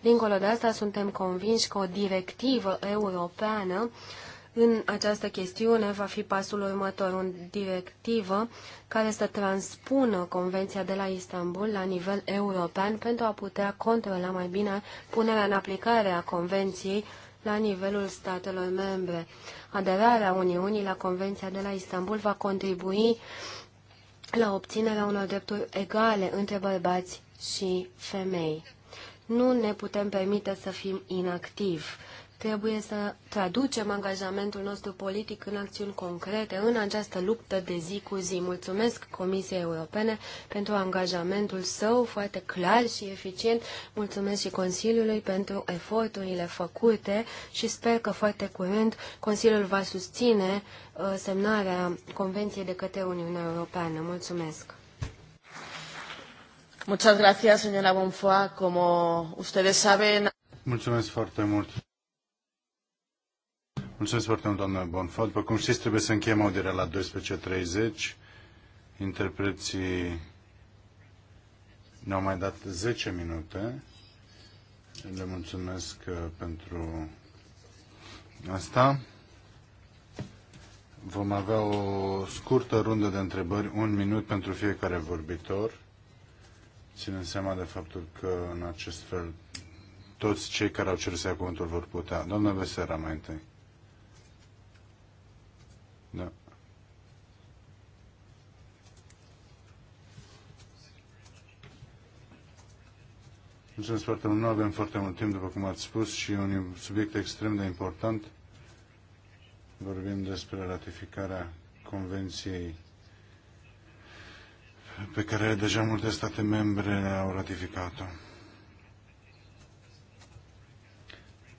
Dincolo de asta, suntem convinși că o directivă europeană în această chestiune va fi pasul următor, o directivă care să transpună Convenția de la Istanbul la nivel european pentru a putea controla mai bine punerea în aplicare a Convenției la nivelul statelor membre. Aderarea Uniunii la Convenția de la Istanbul va contribui la obținerea unor drepturi egale între bărbați și femei. Nu ne putem permite să fim inactivi. Trebuie să traducem angajamentul nostru politic în acțiuni concrete în această luptă de zi cu zi. Mulțumesc Comisiei Europene pentru angajamentul său foarte clar și eficient. Mulțumesc și Consiliului pentru eforturile făcute și sper că foarte curând Consiliul va susține uh, semnarea Convenției de către Uniunea Europeană. Mulțumesc! Muchas gracias, señora Como ustedes saben... Mulțumesc foarte mult. Mulțumesc foarte mult, doamna Bonfoy. După cum știți, trebuie să încheiem audierea la 12.30. Interpreții ne-au mai dat 10 minute. Le mulțumesc uh, pentru asta. Vom avea o scurtă rundă de întrebări, un minut pentru fiecare vorbitor ținând seama de faptul că în acest fel toți cei care au cerut să ia cuvântul vor putea. Doamna Vesera, mai întâi. Da. Mulțumesc foarte mult. Nu avem foarte mult timp, după cum ați spus, și un subiect extrem de important. Vorbim despre ratificarea Convenției pe care deja multe state membre au ratificat-o.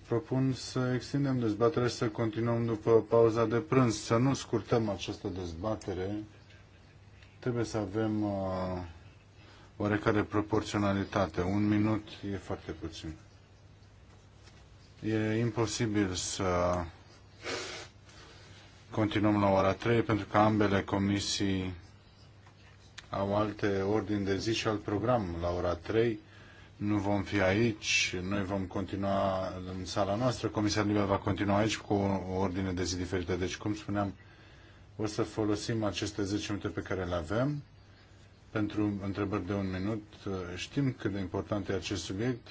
Propun să extindem dezbaterea și să continuăm după pauza de prânz, să nu scurtăm această dezbatere. Trebuie să avem uh, oarecare proporționalitate. Un minut e foarte puțin. E imposibil să continuăm la ora 3 pentru că ambele comisii au alte ordini de zi și alt program la ora 3. Nu vom fi aici, noi vom continua în sala noastră, Comisia Libă va continua aici cu o ordine de zi diferită. Deci, cum spuneam, o să folosim aceste 10 minute pe care le avem pentru întrebări de un minut. Știm cât de important e acest subiect,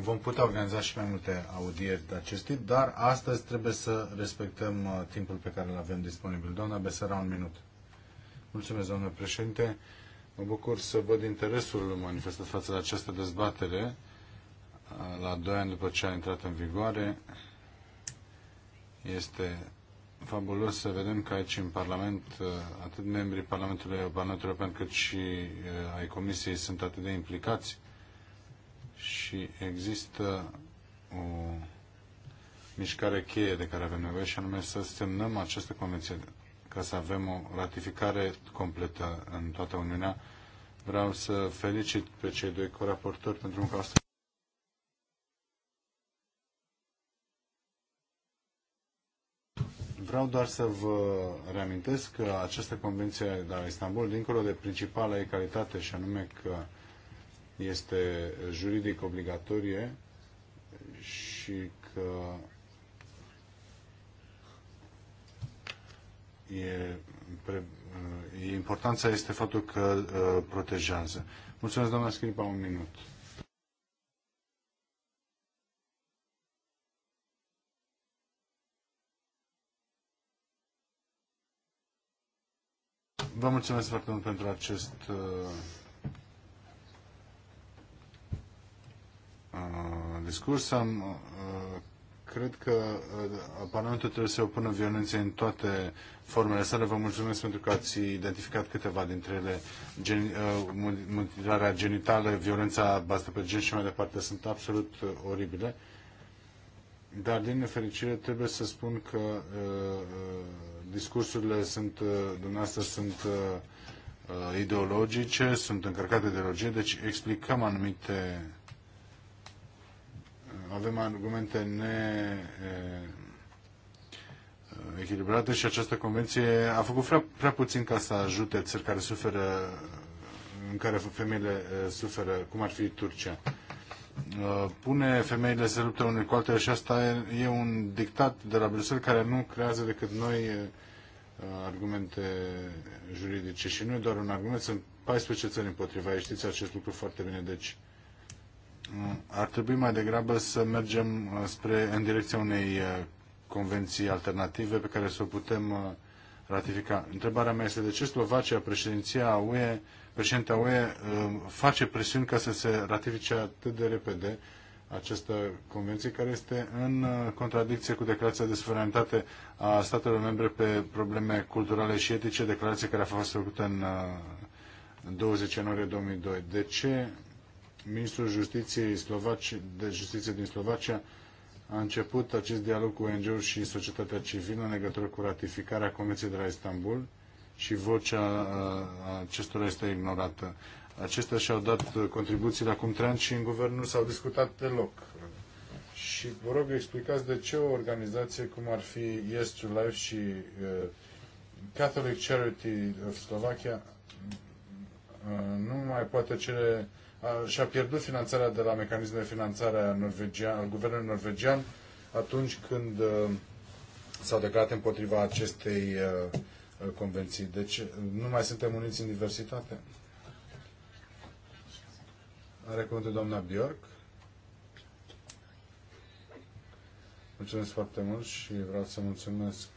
Vom putea organiza și mai multe audieri de acest tip, dar astăzi trebuie să respectăm uh, timpul pe care îl avem disponibil. Doamna Besera, un minut. Mulțumesc, doamnă președinte. Mă bucur să văd interesul manifestat față de această dezbatere uh, la doi ani după ce a intrat în vigoare. Este fabulos să vedem că aici în Parlament uh, atât membrii Parlamentului, Parlamentului European cât și ai Comisiei sunt atât de implicați și există o mișcare cheie de care avem nevoie și anume să semnăm această convenție ca să avem o ratificare completă în toată Uniunea. Vreau să felicit pe cei doi coraportori pentru un caos. Vreau doar să vă reamintesc că această convenție de la Istanbul, dincolo de principala egalitate și anume că este juridic obligatorie și că e, pre, importanța este faptul că uh, protejează. Mulțumesc, doamna Scripa, un minut. Vă mulțumesc foarte mult pentru acest uh, Uh, discurs. Am, uh, cred că uh, Parlamentul trebuie să opună violențe în toate formele sale. Vă mulțumesc pentru că ați identificat câteva dintre ele. Gen, mutilarea genitală, violența bazată pe gen și mai departe sunt absolut oribile. Dar, din nefericire, trebuie să spun că uh, discursurile sunt, uh, dumneavoastră sunt uh, ideologice, sunt încărcate de ideologie, deci explicăm anumite avem argumente ne echilibrate și această convenție a făcut prea, prea puțin ca să ajute țări care suferă, în care femeile suferă, cum ar fi Turcia. Pune femeile să lupte unele cu altele și asta e un dictat de la Bruxelles care nu creează decât noi argumente juridice și nu e doar un argument, sunt 14 țări împotriva ei, știți acest lucru foarte bine, deci uh, ar trebui mai degrabă să mergem uh, spre, în direcția unei uh, convenții alternative pe care să o putem uh, ratifica. Întrebarea mea este de ce Slovacia, președinția UE, președinta UE, face presiuni ca să se ratifice atât de repede această convenție care este în contradicție cu declarația de suveranitate a statelor membre pe probleme culturale și etice, declarație care a fost făcută în 20 ianuarie 2002. De ce ministrul justiției Slovaci, de justiție din Slovacia a început acest dialog cu ONG-uri și societatea civilă în legătură cu ratificarea Convenției de la Istanbul și vocea uh, acestora este ignorată. Acestea și-au dat contribuțiile acum trei și în guvern nu s-au discutat deloc. Și vă rog, explicați de ce o organizație cum ar fi Yes to Life și uh, Catholic Charity of Slovakia uh, nu mai poate cere și-a pierdut finanțarea de la mecanismul de finanțare a norvegian, al guvernului norvegian atunci când s-a declarat împotriva acestei convenții. Deci nu mai suntem uniți în diversitate? Are cuvântul doamna Bjork. Mulțumesc foarte mult și vreau să mulțumesc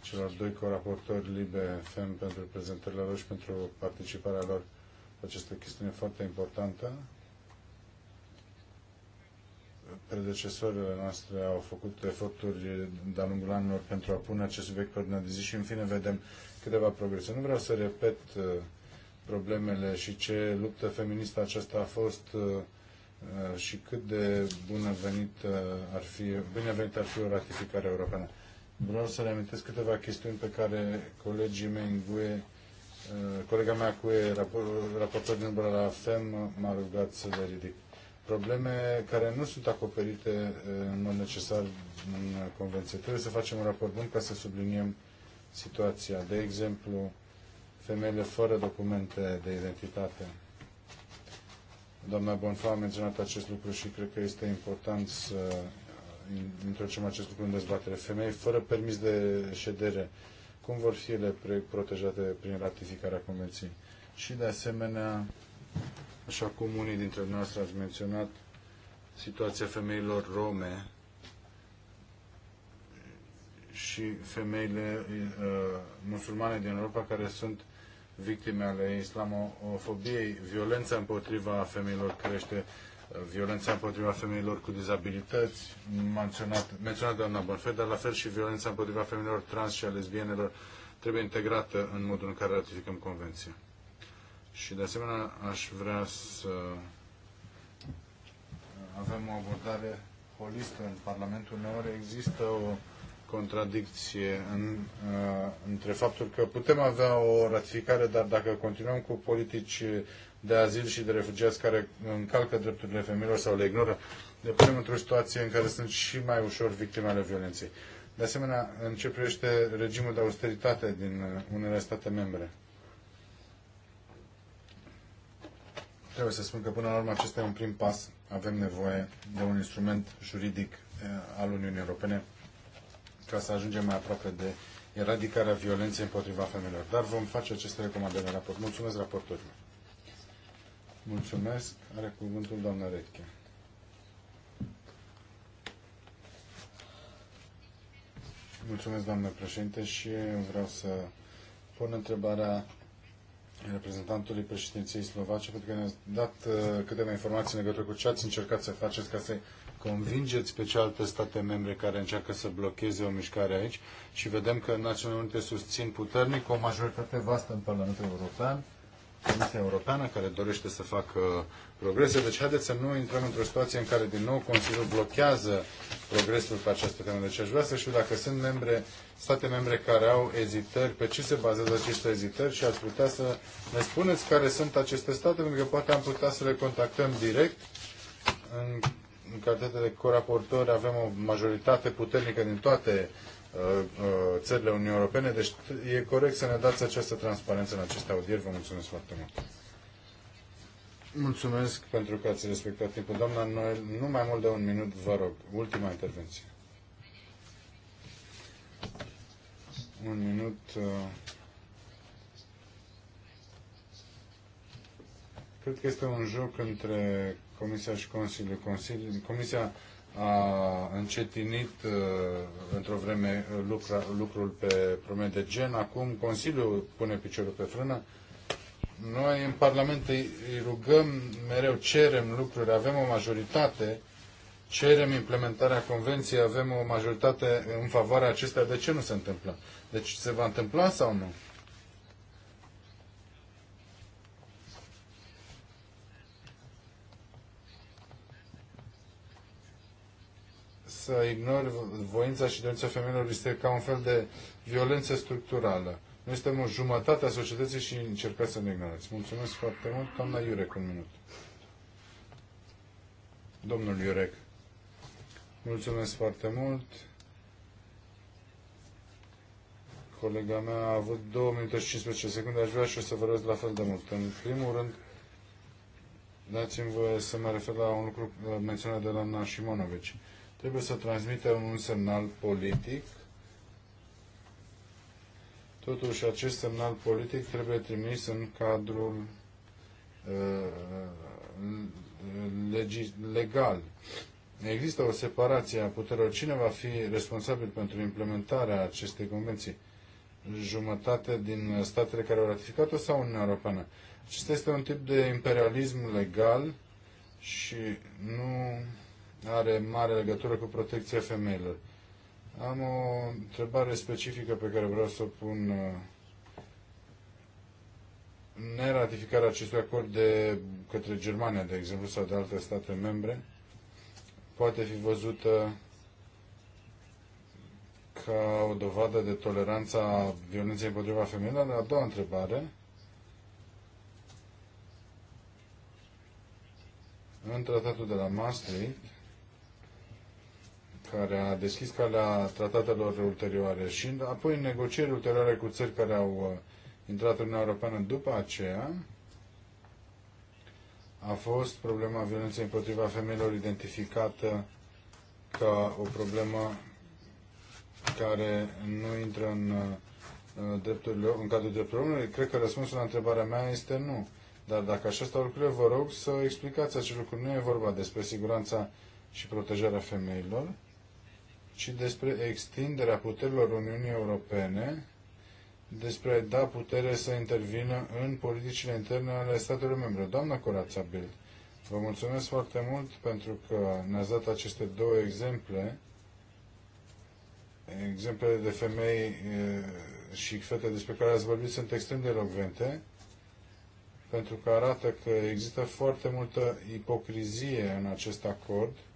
celor doi coraportori Libe FM pentru prezentările lor și pentru participarea lor această chestiune foarte importantă. Predecesorile noastre au făcut eforturi de-a lungul anilor pentru a pune acest subiect pe ordinea de zi și în fine vedem câteva progrese. Nu vreau să repet uh, problemele și ce luptă feministă aceasta a fost uh, uh, și cât de bună venit ar fi, bine venit ar fi o ratificare europeană. Vreau să reamintesc câteva chestiuni pe care colegii mei în GUE Eh, colega mea cu e, raportor din umbră la FEM, m-a rugat să le ridic. Probleme care nu sunt acoperite eh, în mod necesar în convenție. Trebuie să facem un raport bun ca să subliniem situația. De exemplu, femeile fără documente de identitate. Doamna Bonfa a menționat acest lucru și cred că este important să introducem acest lucru în dezbatere. Femei fără permis de ședere, cum vor fi ele protejate prin ratificarea convenției. Și de asemenea, așa cum unii dintre noastre ați menționat, situația femeilor rome și femeile uh, musulmane din Europa care sunt victime ale islamofobiei, violența împotriva femeilor crește, violența împotriva femeilor cu dizabilități, menționat, menționat doamna Bonfet, dar la fel și violența împotriva femeilor trans și a lesbienelor trebuie integrată în modul în care ratificăm convenția. Și de asemenea aș vrea să avem o abordare holistă în Parlamentul. Uneori există o contradicție în, uh, între faptul că putem avea o ratificare, dar dacă continuăm cu politici de azil și de refugiați care încalcă drepturile femeilor sau le ignoră, le punem într-o situație în care sunt și mai ușor victime ale violenței. De asemenea, în ce privește regimul de austeritate din uh, unele state membre. Trebuie să spun că până la urmă acesta e un prim pas. Avem nevoie de un instrument juridic uh, al Uniunii Europene ca să ajungem mai aproape de eradicarea violenței împotriva femeilor. Dar vom face aceste recomandări în raport. Mulțumesc raportorilor. Mulțumesc. Are cuvântul doamna Redche. Mulțumesc, doamnă președinte, și vreau să pun întrebarea reprezentantului președinției slovace, pentru că ne-ați dat uh, câteva informații în legătură cu ce ați încercat să faceți ca să convingeți pe cealaltă state membre care încearcă să blocheze o mișcare aici și vedem că Națiunile Unite susțin puternic o majoritate vastă în Parlamentul European Comisia Europeană care dorește să facă progrese. Deci haideți să nu intrăm într-o situație în care din nou Consiliul blochează progresul pe această temă. Deci aș vrea să știu dacă sunt membre, state membre care au ezitări, pe ce se bazează aceste ezitări și ați putea să ne spuneți care sunt aceste state, pentru că poate am putea să le contactăm direct în în calitate de coraportori avem o majoritate puternică din toate Uh, uh, țările Uniunii Europene. Deci e corect să ne dați această transparență în aceste audieri. Vă mulțumesc foarte mult. Mulțumesc pentru că ați respectat timpul. Doamna Noel, nu mai mult de un minut, vă rog. Ultima intervenție. Un minut. Uh. Cred că este un joc între Comisia și Consiliul. Consiliul Comisia a încetinit uh, într-o vreme lucra, lucrul pe probleme de gen. Acum Consiliul pune piciorul pe frână. Noi în Parlament îi rugăm, mereu cerem lucruri, avem o majoritate, cerem implementarea convenției, avem o majoritate în favoarea acestea. De ce nu se întâmplă? Deci se va întâmpla sau nu? să ignori voința și dorința femeilor este ca un fel de violență structurală. Noi suntem o jumătate a societății și încercați să ne ignorați. Mulțumesc foarte mult. Doamna Iurec, un minut. Domnul Iurec, mulțumesc foarte mult. Colega mea a avut 2 minute și 15 secunde, aș vrea și eu să răz la fel de mult. În primul rând, dați-mi voie să mă refer la un lucru menționat de doamna Șimonovici trebuie să transmită un semnal politic. Totuși, acest semnal politic trebuie trimis în cadrul uh, uh, legal. Există o separație a puterilor. Cine va fi responsabil pentru implementarea acestei convenții? Jumătate din statele care au ratificat-o sau Uniunea Europeană? Acesta este un tip de imperialism legal și nu are mare legătură cu protecția femeilor. Am o întrebare specifică pe care vreau să o pun. Uh, neratificarea acestui acord de către Germania, de exemplu, sau de alte state membre, poate fi văzută ca o dovadă de a violenței împotriva femeilor? A doua întrebare. În tratatul de la Maastricht, care a deschis calea tratatelor ulterioare și apoi negocieri ulterioare cu țări care au uh, intrat în Uniunea Europeană după aceea, a fost problema violenței împotriva femeilor identificată ca o problemă care nu intră în, uh, drepturile, în cadrul drepturilor omului? Cred că răspunsul la întrebarea mea este nu. Dar dacă așa stau lucrurile, vă rog să explicați acest lucru. Nu e vorba despre siguranța și protejarea femeilor, ci despre extinderea puterilor Uniunii Europene, despre a da putere să intervină în politicile interne ale statelor membre. Doamna Corața Bild, vă mulțumesc foarte mult pentru că ne-ați dat aceste două exemple, exemplele de femei eh, și fete despre care ați vorbit sunt extrem de elogvente, pentru că arată că există foarte multă ipocrizie în acest acord –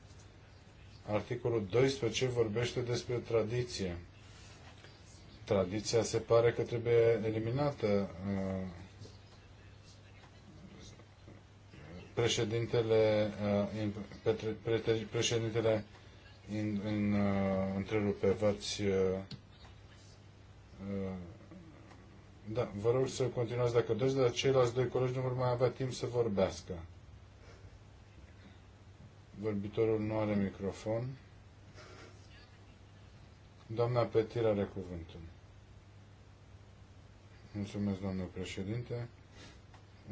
Articolul 12 vorbește despre tradiție. Tradiția se pare că trebuie eliminată. Uh, președintele, uh, președintele în, în, uh, întrerupe, v-ați da, vă rog să continuați dacă doriți, dar ceilalți doi colegi nu vor mai avea timp să vorbească. Vorbitorul nu are microfon. Doamna Petir are cuvântul. Mulțumesc, domnul președinte.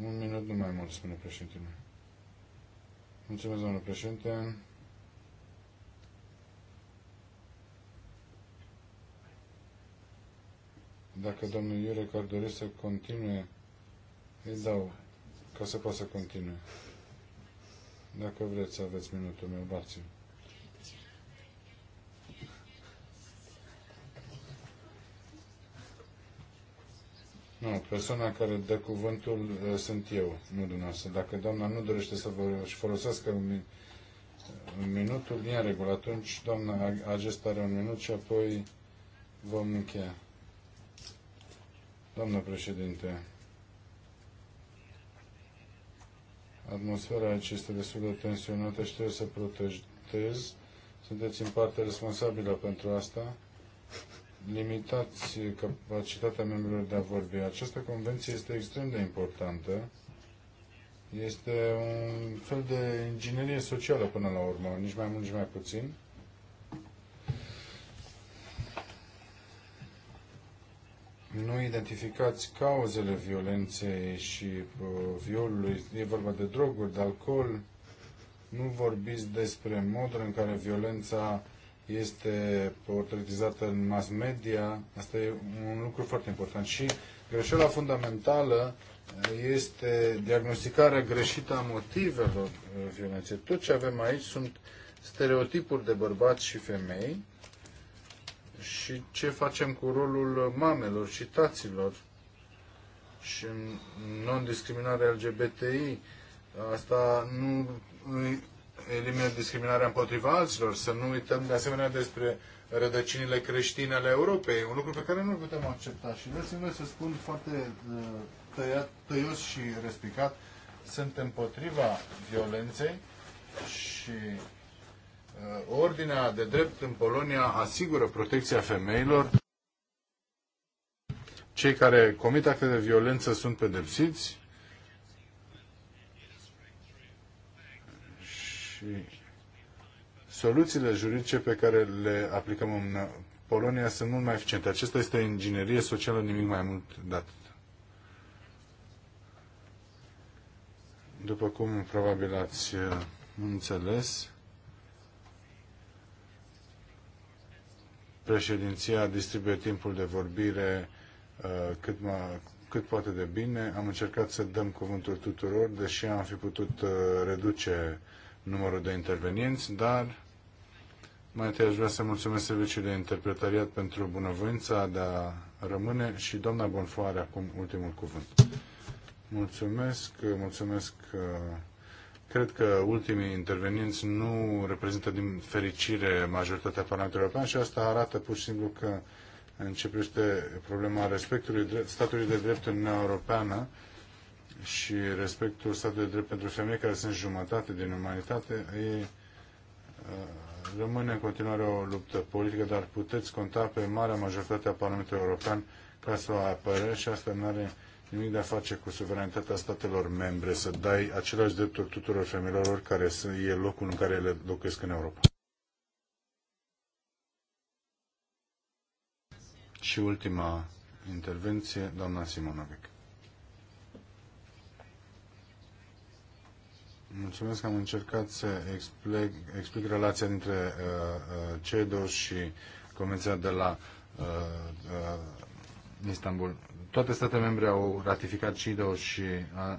Un minut, nu mai mult, spune președintele. Mulțumesc, domnul președinte. Dacă domnul Iurec ar dori să continue, îi dau ca să poată să continue. Dacă vreți să aveți minutul meu, bați Nu, persoana care dă cuvântul eh, sunt eu, nu dumneavoastră. Dacă doamna nu dorește să vă își folosească un, un minutul, din regulă, atunci doamna acesta are un minut și apoi vom încheia. Doamna președinte, Atmosfera aici este destul de tensionată și trebuie să protejez. Sunteți în parte responsabilă pentru asta. Limitați capacitatea membrilor de a vorbi. Această convenție este extrem de importantă. Este un fel de inginerie socială până la urmă, nici mai mult, nici mai puțin. nu identificați cauzele violenței și uh, violului, e vorba de droguri, de alcool, nu vorbiți despre modul în care violența este portretizată în mass media, asta e un lucru foarte important. Și greșeala fundamentală este diagnosticarea greșită a motivelor uh, violenței. Tot ce avem aici sunt stereotipuri de bărbați și femei și ce facem cu rolul mamelor și taților și non-discriminarea LGBTI. Asta nu elimină discriminarea împotriva alților, să nu uităm de asemenea despre rădăcinile creștine ale Europei, un lucru pe care nu putem accepta. Și vreau să să spun foarte uh, tăiat, tăios și respicat, sunt împotriva violenței și Uh, ordinea de drept în Polonia asigură protecția femeilor. Cei care comit acte de violență sunt pedepsiți și soluțiile juridice pe care le aplicăm în Polonia sunt mult mai eficiente. Acesta este inginerie socială, nimic mai mult de atât. După cum probabil ați uh, înțeles, Președinția distribuie timpul de vorbire uh, cât, mai, cât poate de bine. Am încercat să dăm cuvântul tuturor, deși am fi putut uh, reduce numărul de intervenienți, dar mai întâi aș vrea să mulțumesc serviciului de interpretariat pentru bunăvoința de a rămâne și doamna Bonfoare acum ultimul cuvânt. Mulțumesc, mulțumesc uh, Cred că ultimii intervenienți nu reprezintă din fericire majoritatea Parlamentului European și asta arată pur și simplu că începește problema respectului statului de drept în Uniunea Europeană și respectul statului de drept pentru femei care sunt jumătate din umanitate e, uh, rămâne în continuare o luptă politică, dar puteți conta pe marea majoritate a Parlamentului European ca să o apără și asta nu are nimic de a face cu suveranitatea statelor membre să dai aceleași drepturi tuturor femeilor care e locul în care ele locuiesc în Europa. Și ultima intervenție, doamna Simonovic. Mulțumesc că am încercat să explic, explic relația dintre uh, uh CEDO și Convenția de la uh, uh, Istanbul toate statele membre au ratificat CIDO și a,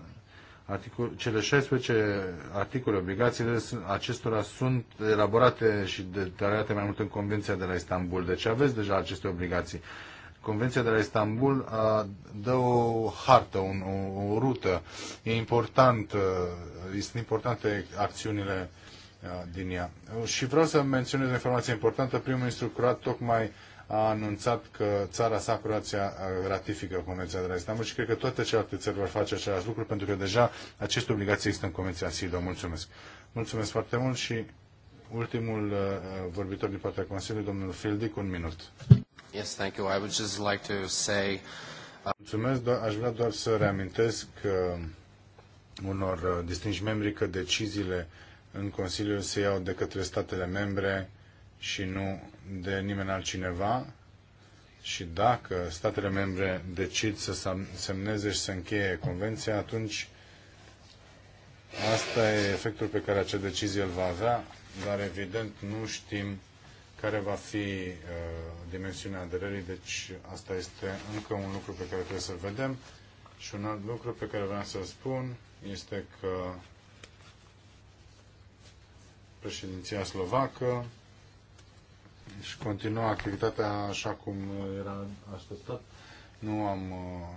articol, cele 16 articole, obligațiile acestora sunt elaborate și detaliate mai mult în Convenția de la Istanbul. Deci aveți deja aceste obligații. Convenția de la Istanbul a, dă o hartă, un, o, o rută. E important, sunt importante acțiunile din ea. Și vreau să menționez o informație importantă. Primul ministru croat tocmai a anunțat că țara sa, Croația, ratifică Convenția de la Istanbul și cred că toate celelalte țări vor face același lucru pentru că deja aceste obligații există în Convenția SIDO. Mulțumesc! Mulțumesc foarte mult și ultimul uh, vorbitor din partea Consiliului, domnul Fildic, un minut. Yes, thank you. I would just like to say... Uh, Mulțumesc, aș vrea doar să reamintesc că uh, unor distinși membri că deciziile în Consiliu se iau de către statele membre și nu de nimeni altcineva și dacă statele membre decid să semneze și să încheie convenția, atunci asta e efectul pe care acea decizie îl va avea, dar evident nu știm care va fi uh, dimensiunea aderării, deci asta este încă un lucru pe care trebuie să-l vedem. Și un alt lucru pe care vreau să-l spun este că președinția slovacă și continua activitatea așa cum era așteptat. Nu, am,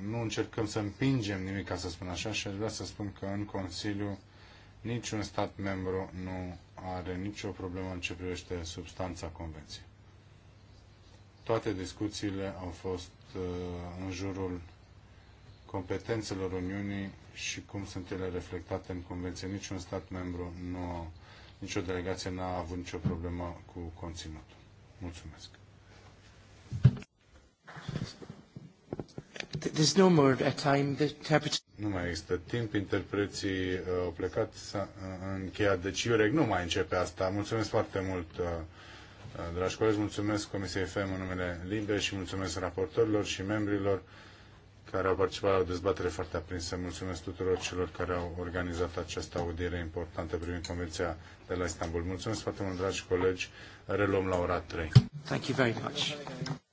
nu încercăm să împingem nimic, ca să spun așa, și aș vrea să spun că în Consiliu niciun stat membru nu are nicio problemă în ce privește substanța convenției. Toate discuțiile au fost uh, în jurul competențelor Uniunii și cum sunt ele reflectate în Convenție. Niciun stat membru nu, nicio delegație n-a avut nicio problemă cu conținutul. Mulțumesc. There's no more uh, time. The temperature. nu mai există timp, interpreții uh, au plecat, s-a uh, încheiat. Deci Iurec nu mai începe asta. Mulțumesc foarte mult, uh, uh dragi colegi, mulțumesc Comisiei FM în numele Libre și mulțumesc raportorilor și membrilor care au participat la o dezbatere foarte aprinsă. Mulțumesc tuturor celor care au organizat această audiere importantă privind Convenția de la Istanbul. Mulțumesc foarte mult, dragi colegi. Reluăm la ora 3. Thank you very much.